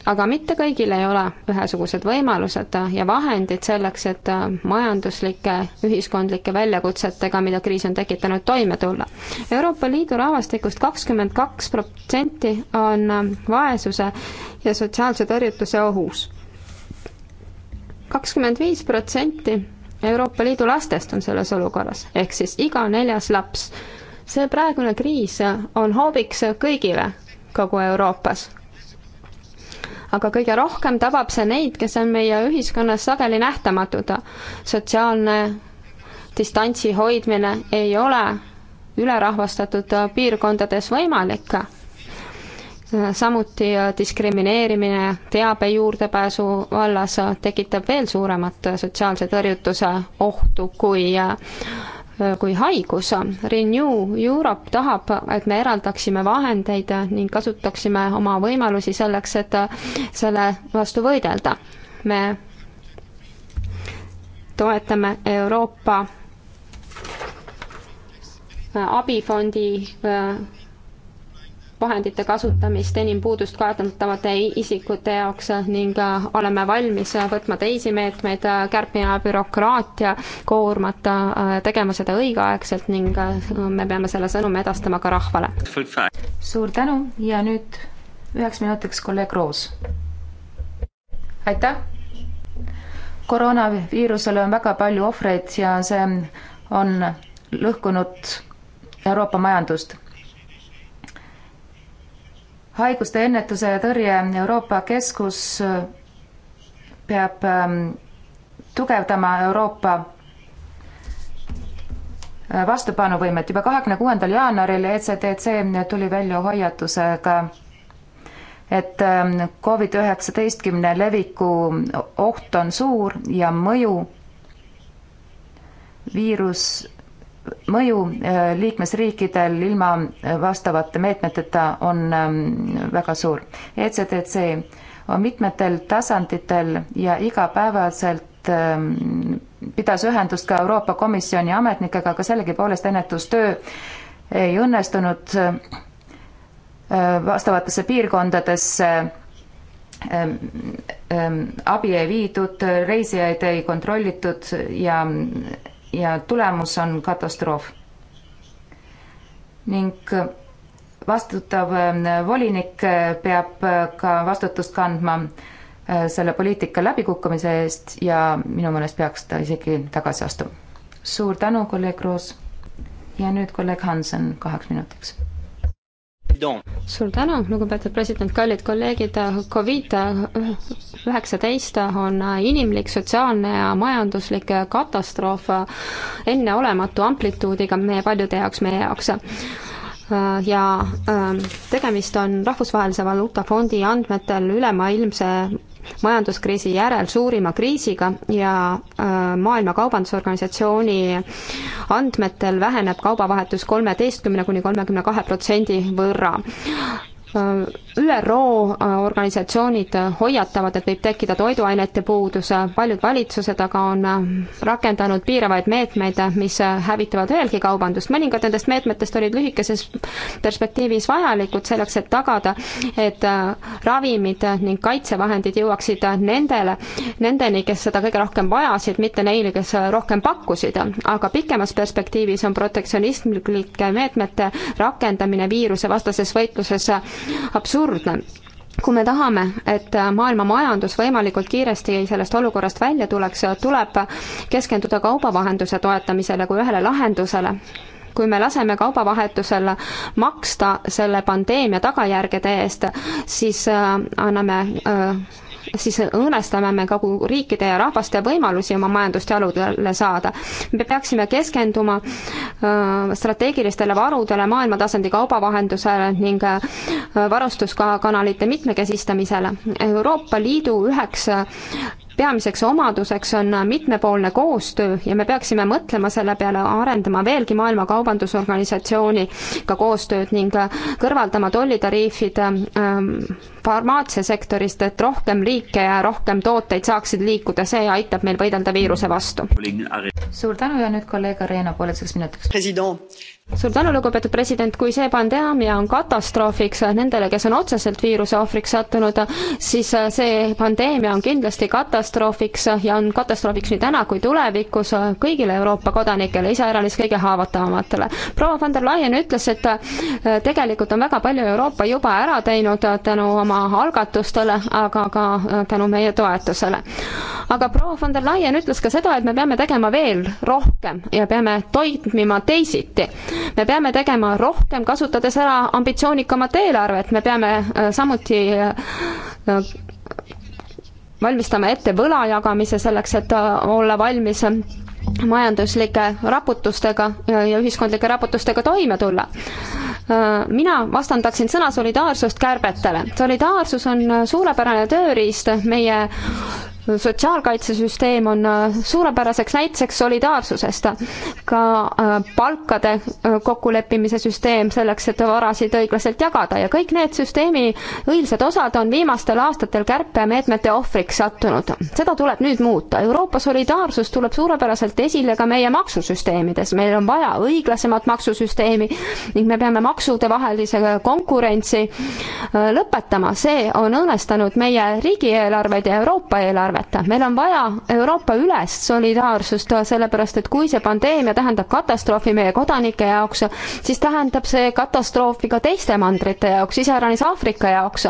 C: aga mitte kõigil ei ole ühesugused võimalused ja vahendid selleks, et majanduslike, ühiskondlike väljakutsetega, mida kriis on tekitanud, toime tulla. Euroopa Liidu rahvastikust kakskümmend kaks protsenti on vaesuse ja sotsiaalse tõrjutuse ohus. kakskümmend viis protsenti Euroopa Liidu lastest on selles olukorras, ehk siis iga neljas laps. see praegune kriis on hoobiks kõigile kogu Euroopas aga kõige rohkem tabab see neid, kes on meie ühiskonnas sageli nähtamatud. sotsiaalne distantsi hoidmine ei ole ülerahvastatud piirkondades võimalik. samuti diskrimineerimine teabe juurdepääsu vallas tekitab veel suuremat sotsiaalse tõrjutuse ohtu kui kui haigus. Renew Europe tahab, et me eraldaksime vahendeid ning kasutaksime oma võimalusi selleks, et selle vastu võidelda. me toetame Euroopa abifondi vahendite kasutamist enim puudust kaotavate isikute jaoks ning äh, oleme valmis võtma teisi meetmeid, äh, kärpima bürokraatia koormat, äh, tegema seda õigeaegselt ning me peame selle sõnumi edastama ka rahvale.
A: suur tänu ja nüüd üheks minutiks kolleeg Roos. aitäh! koroonaviirusele on väga palju ohvreid ja see on lõhkunud Euroopa majandust haiguste ennetuse ja tõrje Euroopa Keskus äh, peab ähm, tugevdama Euroopa äh, vastupanuvõimet. juba kahekümne kuuendal jaanuaril ECDC tuli välja hoiatusega, et ähm, Covid-19 leviku oht on suur ja mõju viirus mõju äh, liikmesriikidel ilma äh, vastavate meetmeteta on ähm, väga suur. ECDC on mitmetel tasanditel ja igapäevaselt ähm, pidas ühendust ka Euroopa Komisjoni ametnikega, aga sellegipoolest ennetustöö ei õnnestunud äh, vastavatesse piirkondadesse ähm, abi ei viidud, reisijaid ei kontrollitud ja ja tulemus on katastroof. ning äh, vastutav äh, volinik äh, peab ka vastutust kandma selle poliitika läbikukkumise eest ja minu meelest peaks ta isegi tagasi astuma. suur tänu, kolleeg Roos. ja nüüd kolleeg Hansen kaheks minutiks suur tänu, lugupeetud president, kallid kolleegid, Covid
C: üheksateist on inimlik, sotsiaalne ja majanduslik katastroof enneolematu amplituudiga meie paljude jaoks, meie jaoks ja ähm, tegemist on Rahvusvahelise Valuutafondi andmetel ülemaailmse majanduskriisi järel suurima kriisiga ja äh, Maailma Kaubandusorganisatsiooni andmetel väheneb kaubavahetus kolmeteistkümne kuni kolmekümne kahe protsendi võrra Äh, ÜRO äh, organisatsioonid äh, hoiatavad, et võib tekkida toiduainete puudus, paljud valitsused aga on rakendanud piiravaid meetmeid, mis hävitavad veelgi kaubandust. mõningad nendest meetmetest olid lühikeses perspektiivis vajalikud selleks, et tagada, et ravimid ning kaitsevahendid jõuaksid nendele, nendeni, kes seda kõige rohkem vajasid, mitte neile, kes rohkem pakkusid. aga pikemas perspektiivis on protektsionistlike meetmete rakendamine viirusevastases võitluses absurdne kui me tahame, et maailma majandus võimalikult kiiresti sellest olukorrast välja tuleks, tuleb keskenduda kaubavahenduse toetamisele kui ühele lahendusele. kui me laseme kaubavahetusel maksta selle pandeemia tagajärgede eest, siis äh, anname äh, siis õõnestame me kogu riikide ja rahvaste võimalusi oma majandust jaludele saada. me peaksime keskenduma äh, strateegilistele varudele, maailmatasandi kaubavahendusele ning äh, varustuskanalite mitmekesistamisele. Euroopa Liidu üheks peamiseks omaduseks on mitmepoolne koostöö ja me peaksime mõtlema selle peale, arendama veelgi Maailma Kaubandusorganisatsiooniga koostööd ning kõrvaldama tollitariifid ähm, farmaatsiasektorist, et rohkem riike ja rohkem tooteid saaksid liikuda, see aitab meil võidelda viiruse vastu. suur tänu ja nüüd kolleeg Arena pooleteiseks minutiks. president suur tänu, lugupeetud president, kui see pandeemia on katastroofiks nendele, kes on otseselt viiruse ohvriks sattunud, siis see pandeemia on kindlasti katastroofiks ja on katastroofiks nii täna kui tulevikus kõigile Euroopa kodanikele, iseäranis kõige haavatavamatele. proua von der Leyen ütles, et äh, tegelikult on väga palju Euroopa juba ära teinud tänu oma algatustele, aga ka äh, tänu meie toetusele. aga proua von der Leyen ütles ka seda, et me peame tegema veel rohkem ja peame toimima teisiti me peame tegema rohkem, kasutades ära ambitsioonikamat eelarvet, me peame äh, samuti äh, valmistama ette võla jagamise selleks, et äh, olla valmis majanduslike raputustega ja ühiskondlike raputustega toime tulla. mina vastandaksin sõna solidaarsust kärbetele. solidaarsus on suurepärane tööriist meie sotsiaalkaitsesüsteem on äh, suurepäraseks näiteks solidaarsusest. ka äh, palkade äh, kokkuleppimise süsteem selleks, et varasid õiglaselt jagada ja kõik need süsteemi õilsad osad on viimastel aastatel kärpemeetmete ohvriks sattunud. seda tuleb nüüd muuta. Euroopa solidaarsus tuleb suurepäraselt esile ka meie maksusüsteemides. meil on vaja õiglasemat maksusüsteemi ning me peame maksude vahelise konkurentsi lõpetama. see on õõnestanud meie riigieelarveid ja Euroopa eelarveid eelarvet. meil on vaja Euroopa-ülest solidaarsust, sellepärast et kui see pandeemia tähendab katastroofi meie kodanike jaoks, siis tähendab see katastroofi ka teiste mandrite jaoks, iseäranis Aafrika jaoks.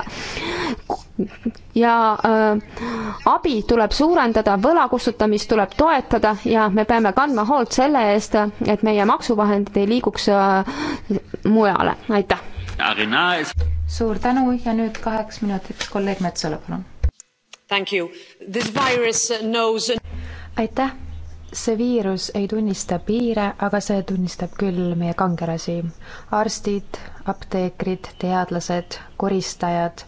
C: ja äh, abi tuleb suurendada, võla kustutamist tuleb toetada ja me peame kandma hoolt selle eest, et meie maksuvahendid ei liiguks äh, mujale, aitäh!
A: suur tänu ja nüüd kaheks minutiks kolleeg Metsalu, palun
B: Uh, knows... Uh, aitäh, see viirus ei tunnista piire, aga see tunnistab küll meie kangelasi. arstid, apteekrid, teadlased, koristajad,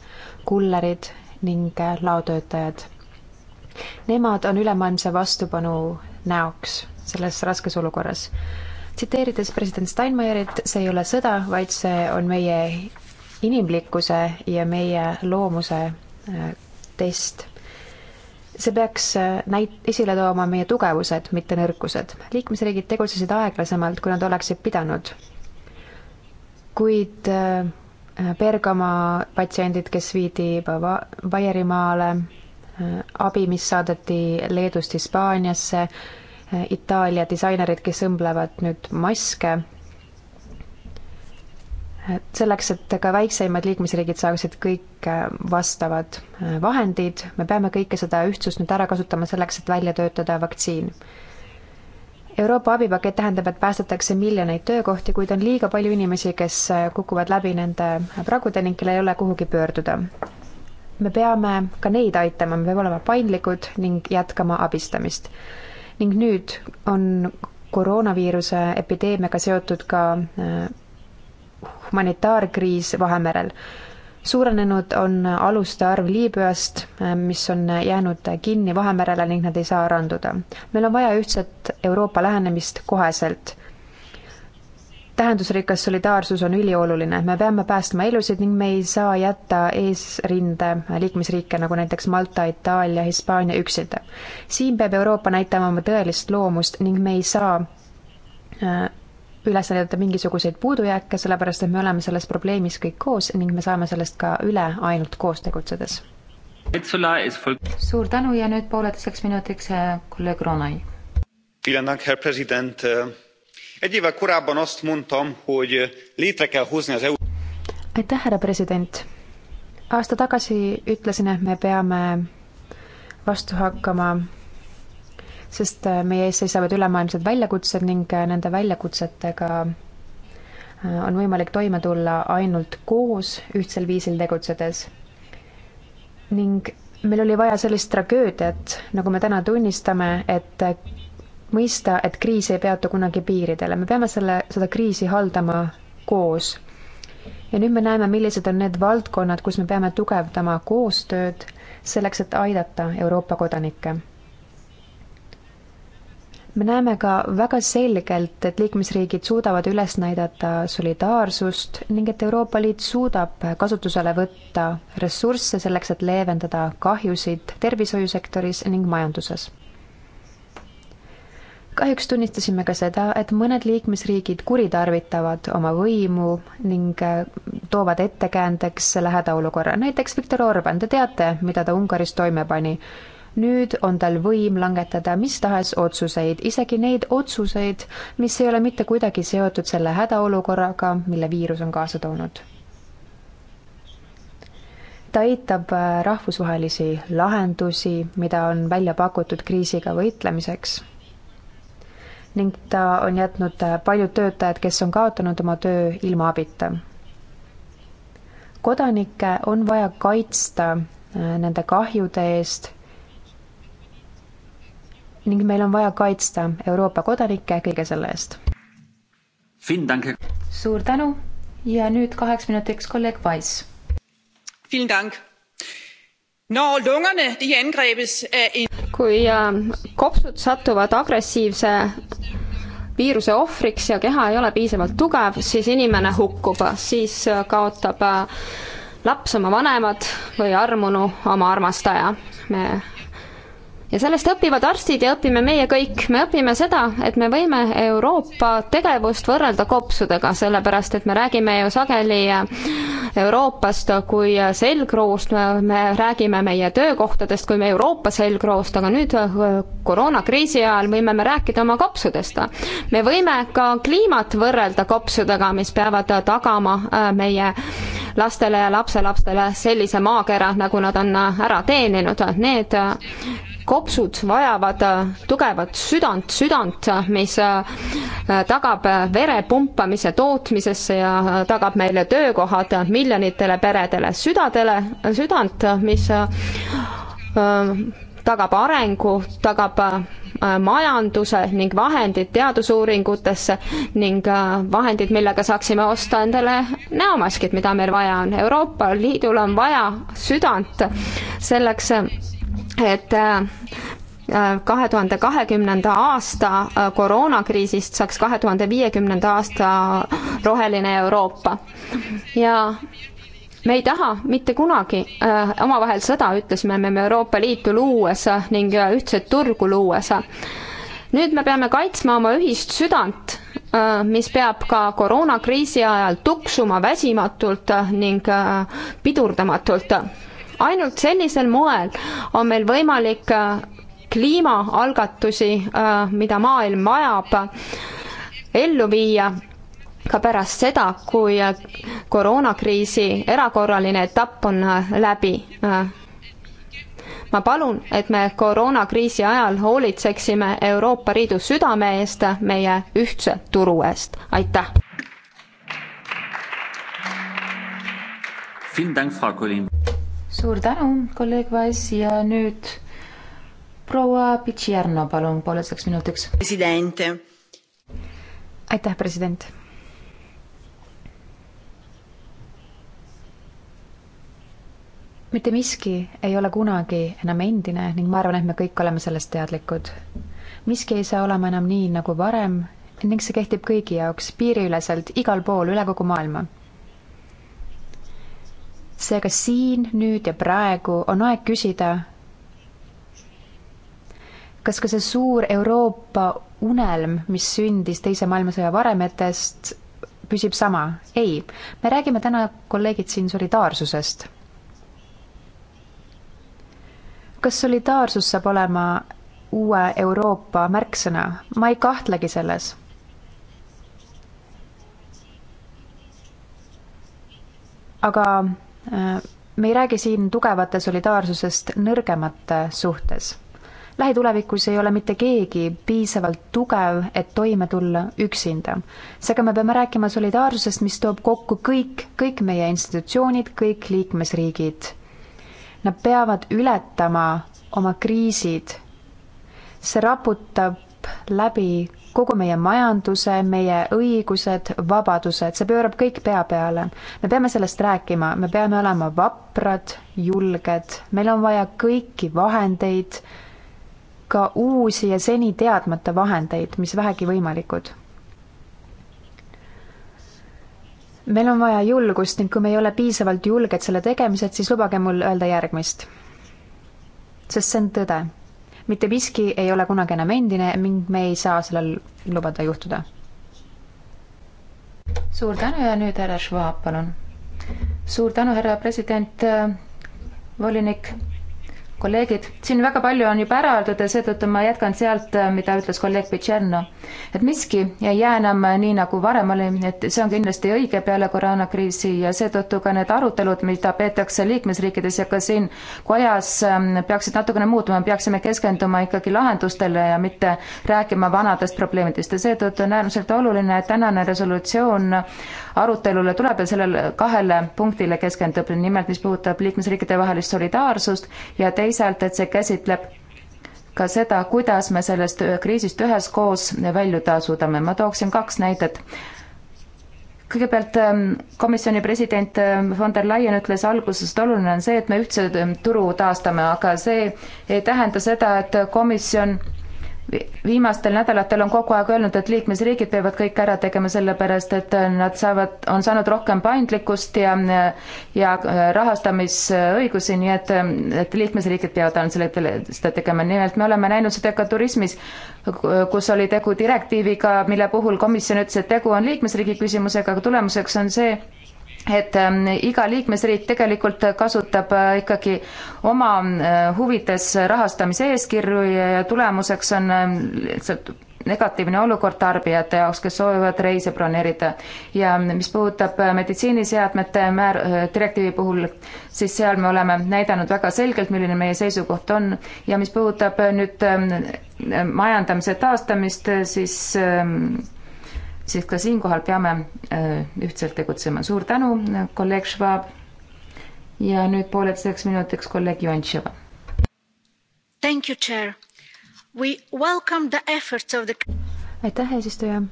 B: kullerid ning äh, laotöötajad. Nemad on ülemaailmse vastupanu näoks selles raskes olukorras. tsiteerides president Steinmeierit, see ei ole sõda, vaid see on meie inimlikkuse ja meie loomuse äh, test. see peaks äh, näit-, esile tooma meie tugevused, mitte nõrkused. liikmesriigid tegutsesid aeglasemalt, kui nad oleksid pidanud. kuid äh, Bergama patsiendid, kes viidi Bava-, Baierimaale, äh, abi, mis saadeti Leedust Hispaaniasse, Itaalia disainerid, kes õmblevad nüüd maske selleks, et ka väikseimad liikmesriigid saaksid kõik äh, vastavad äh, vahendid, me peame kõike seda ühtsust nüüd ära kasutama selleks, et välja töötada vaktsiin. Euroopa abipakett tähendab, et päästetakse miljoneid töökohti, kuid on liiga palju inimesi, kes äh, kukuvad läbi nende pragude ning kellel ei ole kuhugi pöörduda. me peame ka neid aitama, me peame olema paindlikud ning jätkama abistamist. ning nüüd on koroonaviiruse epideemiaga seotud ka humanitaarkriis Vahemerel. suurenenud on aluste arv Liibüast, mis on jäänud kinni Vahemerele ning nad ei saa randuda. meil on vaja ühtset Euroopa lähenemist koheselt. tähendusrikas solidaarsus on ülioluline, me peame päästma elusid ning me ei saa jätta eesrinde liikmesriike, nagu näiteks Malta, Itaalia, Hispaania üksinda. siin peab Euroopa näitama oma tõelist loomust ning me ei saa üles näidata mingisuguseid puudujääke, sellepärast et me oleme selles probleemis kõik koos ning me saame sellest ka üle ainult koos tegutsedes.
A: suur tänu ja nüüd pooleteiseks minutiks eh, kolleeg Ronai. Äh, äh,
B: aitäh, härra president. aasta tagasi ütlesin, et me peame vastu hakkama sest äh, meie ees seisavad ülemaailmsed väljakutsed ning äh, nende väljakutsetega äh, on võimalik toime tulla ainult koos ühtsel viisil tegutsedes. ning meil oli vaja sellist tragöödiat, nagu me täna tunnistame, et mõista, et kriis ei peatu kunagi piiridele, me peame selle, seda kriisi haldama koos. ja nüüd me näeme, millised on need valdkonnad, kus me peame tugevdama koostööd selleks, et aidata Euroopa kodanikke me näeme ka väga selgelt, et liikmesriigid suudavad üles näidata solidaarsust ning et Euroopa Liit suudab kasutusele võtta ressursse selleks, et leevendada kahjusid tervishoiusektoris ning majanduses. kahjuks tunnistasime ka seda, et mõned liikmesriigid kuritarvitavad oma võimu ning äh, toovad ettekäändeks lähedaolukorra, näiteks Viktor Orban, te teate, mida ta Ungaris toime pani nüüd on tal võim langetada mis tahes otsuseid, isegi neid otsuseid, mis ei ole mitte kuidagi seotud selle hädaolukorraga, mille viirus on kaasa toonud. ta eitab äh, rahvusvahelisi lahendusi, mida on välja pakutud kriisiga võitlemiseks ning ta on jätnud äh, paljud töötajad, kes on kaotanud oma töö ilma abita. kodanikke on vaja kaitsta äh, nende kahjude eest ning meil on vaja kaitsta Euroopa kodanikke kõige selle eest. suur tänu ja nüüd kaheks minutiks
A: kolleeg Wise. Når lungerne de angrebes af en
C: kui kopsud satuvad agressiivse viiruse ohvriks ja keha ei ole piisavalt tugev, siis inimene hukkub, siis kaotab äh, laps oma vanemad või armunu oma armastaja. me ja sellest õpivad arstid ja õpime meie kõik. me õpime seda, et me võime Euroopa tegevust võrrelda kopsudega, sellepärast et me räägime ju sageli äh, Euroopast kui äh, selgroost, me räägime meie töökohtadest kui me Euroopa selgroost, aga nüüd äh, koroonakriisi ajal võime me rääkida oma kopsudest. me võime ka kliimat võrrelda kopsudega, mis peavad tagama meie lastele ja lapselapsele sellise maakera, nagu nad on ära teeninud. Need kopsud vajavad äh, tugevat südant, südant, äh, mis äh, tagab vere pumpamise tootmisesse ja tagab meile töökohad miljonitele peredele, südadele, südant, mis tagab arengu, tagab majanduse ning vahendid teadusuuringutesse ning vahendid, millega saaksime osta endale näomaskid, mida meil vaja on. Euroopa Liidul on vaja südant selleks, et äh, äh, kahe tuhande kahekümnenda aasta äh, koroonakriisist saaks kahe tuhande viiekümnenda aasta roheline Euroopa. ja me ei taha mitte kunagi äh, omavahel sõda, ütlesime me Euroopa Liitu luues ning ühtset turgu luues. nüüd me peame kaitsma oma ühist südant äh,, mis peab ka koroonakriisi ajal tuksuma väsimatult ning äh, pidurdamatult ainult sellisel moel on meil võimalik äh, kliimaalgatusi, äh, mida maailm vajab, äh, ellu viia ka pärast seda, kui koroonakriisi erakorraline etapp on läbi. ma palun, et me koroonakriisi ajal hoolitseksime Euroopa Liidu südame eest, meie
A: ühtse turu eest, aitäh! suur tänu, kolleeg Wise ja nüüd proua Pitsierno, palun pooleteiseks minutiks. president.
B: aitäh, president mitte miski ei ole kunagi enam endine ning ma arvan, et me kõik oleme sellest teadlikud. miski ei saa olema enam nii nagu varem ning see kehtib kõigi jaoks piiriüleselt igal pool üle kogu maailma seega siin, nüüd ja praegu on aeg küsida, kas ka see suur Euroopa unelm, mis sündis Teise maailmasõja varemetest, püsib sama? ei, me räägime täna, kolleegid, siin solidaarsusest. kas solidaarsus saab olema uue Euroopa märksõna, ma ei kahtlegi selles. aga me ei räägi siin tugevate solidaarsusest nõrgemate suhtes. lähitulevikus ei ole mitte keegi piisavalt tugev, et toime tulla üksinda. seega me peame rääkima solidaarsusest, mis toob kokku kõik, kõik meie institutsioonid, kõik liikmesriigid. Nad peavad ületama oma kriisid. see raputab läbi kogu meie majanduse, meie õigused, vabadused, see pöörab kõik pea peale. me peame sellest rääkima, me peame olema vaprad, julged, meil on vaja kõiki vahendeid, ka uusi ja seni teadmata vahendeid, mis vähegi võimalikud meil on vaja julgust ning kui me ei ole piisavalt julged selle tegemised, siis lubage mul öelda järgmist. sest see on tõde mitte miski ei ole kunagi enam endine ning me ei saa sellel lubada juhtuda. suur tänu ja nüüd härra Schwab, palun.
A: suur tänu, härra president, äh, volinik kolleegid, siin väga palju on juba ära öeldud ja seetõttu ma jätkan sealt, äh, mida ütles kolleeg Pitšerno. et miski ei jää enam äh, nii, nagu varem oli, et see on kindlasti õige peale koroonakriisi ja seetõttu ka need arutelud, mida peetakse liikmesriikides ja ka siin kojas, ähm, peaksid natukene muutuma, peaksime keskenduma ikkagi lahendustele ja mitte rääkima vanadest probleemidest ja seetõttu on äärmiselt oluline, et tänane resolutsioon arutelule tuleb ja sellele kahele punktile keskendub, nimelt mis puudutab liikmesriikide vahelist solidaarsust ja teiseks teisalt, et see käsitleb ka seda, kuidas me sellest kriisist üheskoos väljuda suudame. ma tooksin kaks näidet. kõigepealt ähm, komisjoni president ähm, von der Leyen ütles alguses, et oluline on see, et me ühtse ähm, turu taastame, aga see ei tähenda seda, et komisjon viimastel nädalatel on kogu aeg öelnud, et liikmesriigid peavad kõik ära tegema, sellepärast et nad saavad, on saanud rohkem paindlikkust ja ja äh, rahastamisõigusi, nii et, et liikmesriigid peavad ainult selle, seda tegema, nimelt me oleme näinud seda ka turismis, kus oli tegu direktiiviga, mille puhul komisjon ütles, et tegu on liikmesriigi küsimusega, aga tulemuseks on see, et ähm, iga liikmesriik tegelikult kasutab äh, ikkagi oma äh, huvides rahastamise eeskirju ja tulemuseks on ähm, lihtsalt negatiivne olukord tarbijate jaoks, kes soovivad reise broneerida. ja mis puudutab äh, meditsiiniseadmete määr-, direktiivi puhul, siis seal me oleme näidanud väga selgelt, milline meie seisukoht on ja mis puudutab nüüd ähm, majandamise taastamist, siis siis ka siinkohal peame äh, ühtselt tegutsema. suur tänu, kolleeg Švab. ja nüüd pooleteiseks minutiks kolleeg Jontševa.
B: Thank you, chair. We welcome the efforts of the. aitäh, eesistuja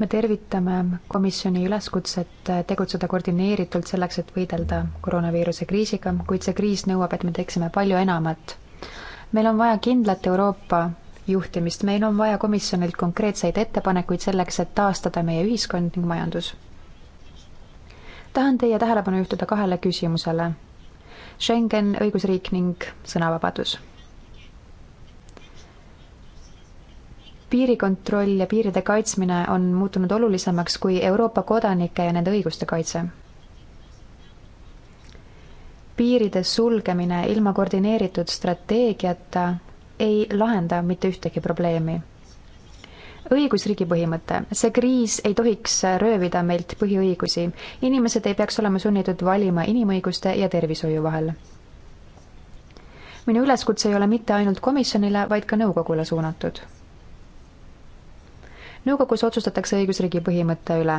B: me tervitame komisjoni üleskutset tegutseda koordineeritult selleks, et võidelda koroonaviiruse kriisiga, kuid see kriis nõuab, et me teeksime palju enamat. meil on vaja kindlat Euroopa juhtimist, meil on vaja komisjonilt konkreetseid ettepanekuid selleks, et taastada meie ühiskond ning majandus. tahan teie tähelepanu juhtida kahele küsimusele. Schengen, õigusriik ning sõnavabadus. piirikontroll ja piiride kaitsmine on muutunud olulisemaks kui Euroopa kodanike ja nende õiguste kaitse piiride sulgemine ilma koordineeritud strateegiata ei lahenda mitte ühtegi probleemi. õigusriigi põhimõte, see kriis ei tohiks röövida meilt põhiõigusi. inimesed ei peaks olema sunnitud valima inimõiguste ja tervishoiu vahel. minu üleskutse ei ole mitte ainult komisjonile, vaid ka nõukogule suunatud nõukogus otsustatakse õigusriigi põhimõtte üle.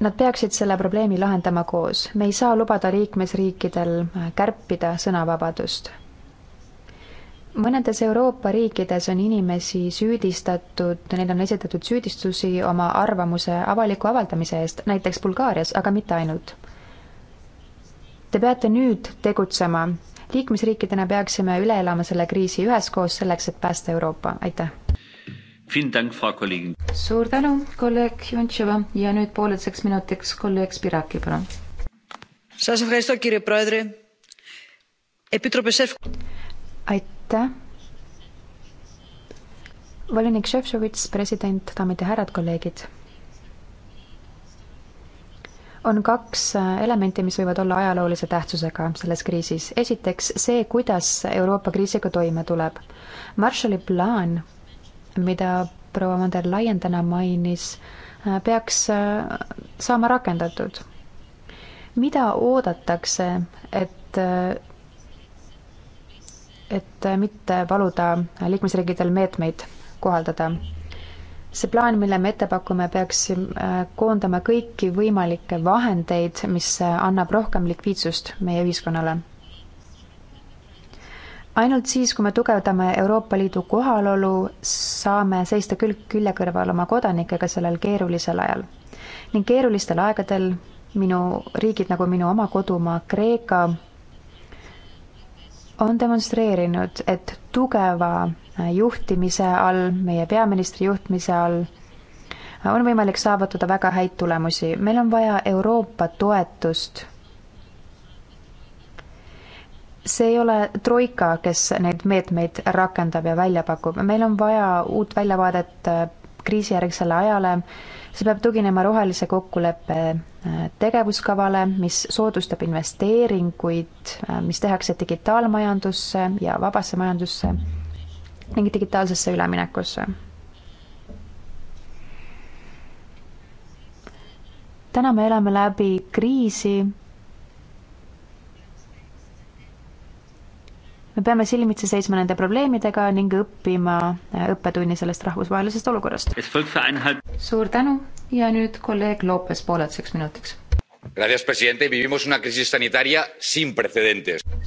B: Nad peaksid selle probleemi lahendama koos, me ei saa lubada liikmesriikidel kärpida sõnavabadust mõnedes Euroopa riikides on inimesi süüdistatud, neile on esitatud süüdistusi oma arvamuse avaliku avaldamise eest, näiteks Bulgaarias, aga mitte ainult. Te peate nüüd tegutsema. liikmesriikidena peaksime üle elama selle kriisi üheskoos selleks, et päästa Euroopa, aitäh. suur tänu, kolleeg Jontševa ja nüüd pooleteiseks minutiks kolleeg
A: Spiraki, palun.
B: aitäh aitäh. volinik Šefčovitš, president, daamid ja härrad, kolleegid. on kaks äh, elementi, mis võivad olla ajaloolise tähtsusega selles kriisis. esiteks see, kuidas Euroopa kriisiga toime tuleb. Marshalli plaan, mida proua von der Leyen täna mainis, äh, peaks äh, saama rakendatud. mida oodatakse, et et mitte paluda liikmesriigidel meetmeid kohaldada. see plaan, mille me ette pakume, peaks äh, koondama kõiki võimalikke vahendeid, mis äh, annab rohkem likviidsust meie ühiskonnale. ainult siis, kui me tugevdame Euroopa Liidu kohalolu, saame seista külg külje kõrval oma kodanikega sellel keerulisel ajal. ning keerulistel aegadel minu riigid nagu minu oma kodumaa Kreeka on demonstreerinud, et tugeva juhtimise all, meie peaministri juhtimise all, on võimalik saavutada väga häid tulemusi. meil on vaja Euroopa toetust. see ei ole troika, kes neid meetmeid rakendab ja välja pakub, meil on vaja uut väljavaadet kriisijärgsele ajale see peab tuginema rohelise kokkuleppe äh, tegevuskavale, mis soodustab investeeringuid, äh, mis tehakse digitaalmajandusse ja vabasse majandusse ning digitaalsesse üleminekusse. täna me elame läbi kriisi me peame silmitsi seisma nende probleemidega ning õppima äh, õppetunni sellest rahvusvahelisest olukorrast. suur tänu ja nüüd kolleeg Lopes pooleteiseks minutiks.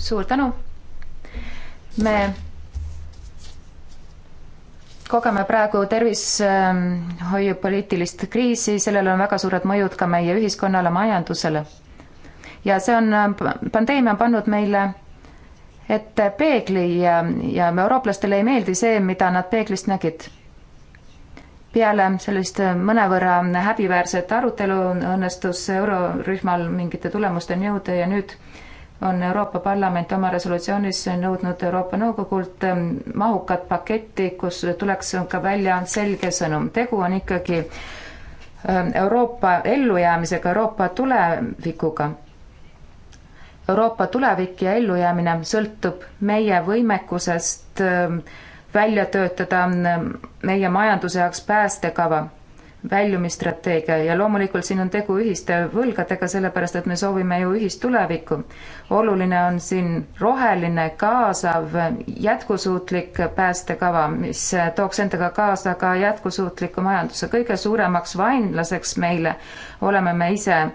A: suur tänu. me kogeme praegu tervishoiupoliitilist kriisi, sellel on väga suured mõjud ka meie ühiskonnale, majandusele. ja see on, äh, pandeemia on pannud meile et peegli ja, ja eurooplastele ei meeldi see, mida nad peeglist nägid. peale sellist mõnevõrra häbiväärset arutelu õnnestus eurorühmal mingite tulemusteni jõuda ja nüüd on Euroopa Parlament oma resolutsioonis nõudnud Euroopa Nõukogult mahukat paketti, kus tuleks ka välja selge sõnum. tegu on ikkagi Euroopa ellujäämisega, Euroopa tulevikuga Euroopa tulevik ja ellujäämine sõltub meie võimekusest ähm, välja töötada ähm, meie majanduse jaoks päästekava, väljumisstrateegia ja loomulikult siin on tegu ühiste võlgadega, sellepärast et me soovime ju ühist tulevikku. oluline on siin roheline, kaasav, jätkusuutlik päästekava, mis tooks endaga kaasa ka jätkusuutliku majanduse. kõige suuremaks vaenlaseks meile oleme me ise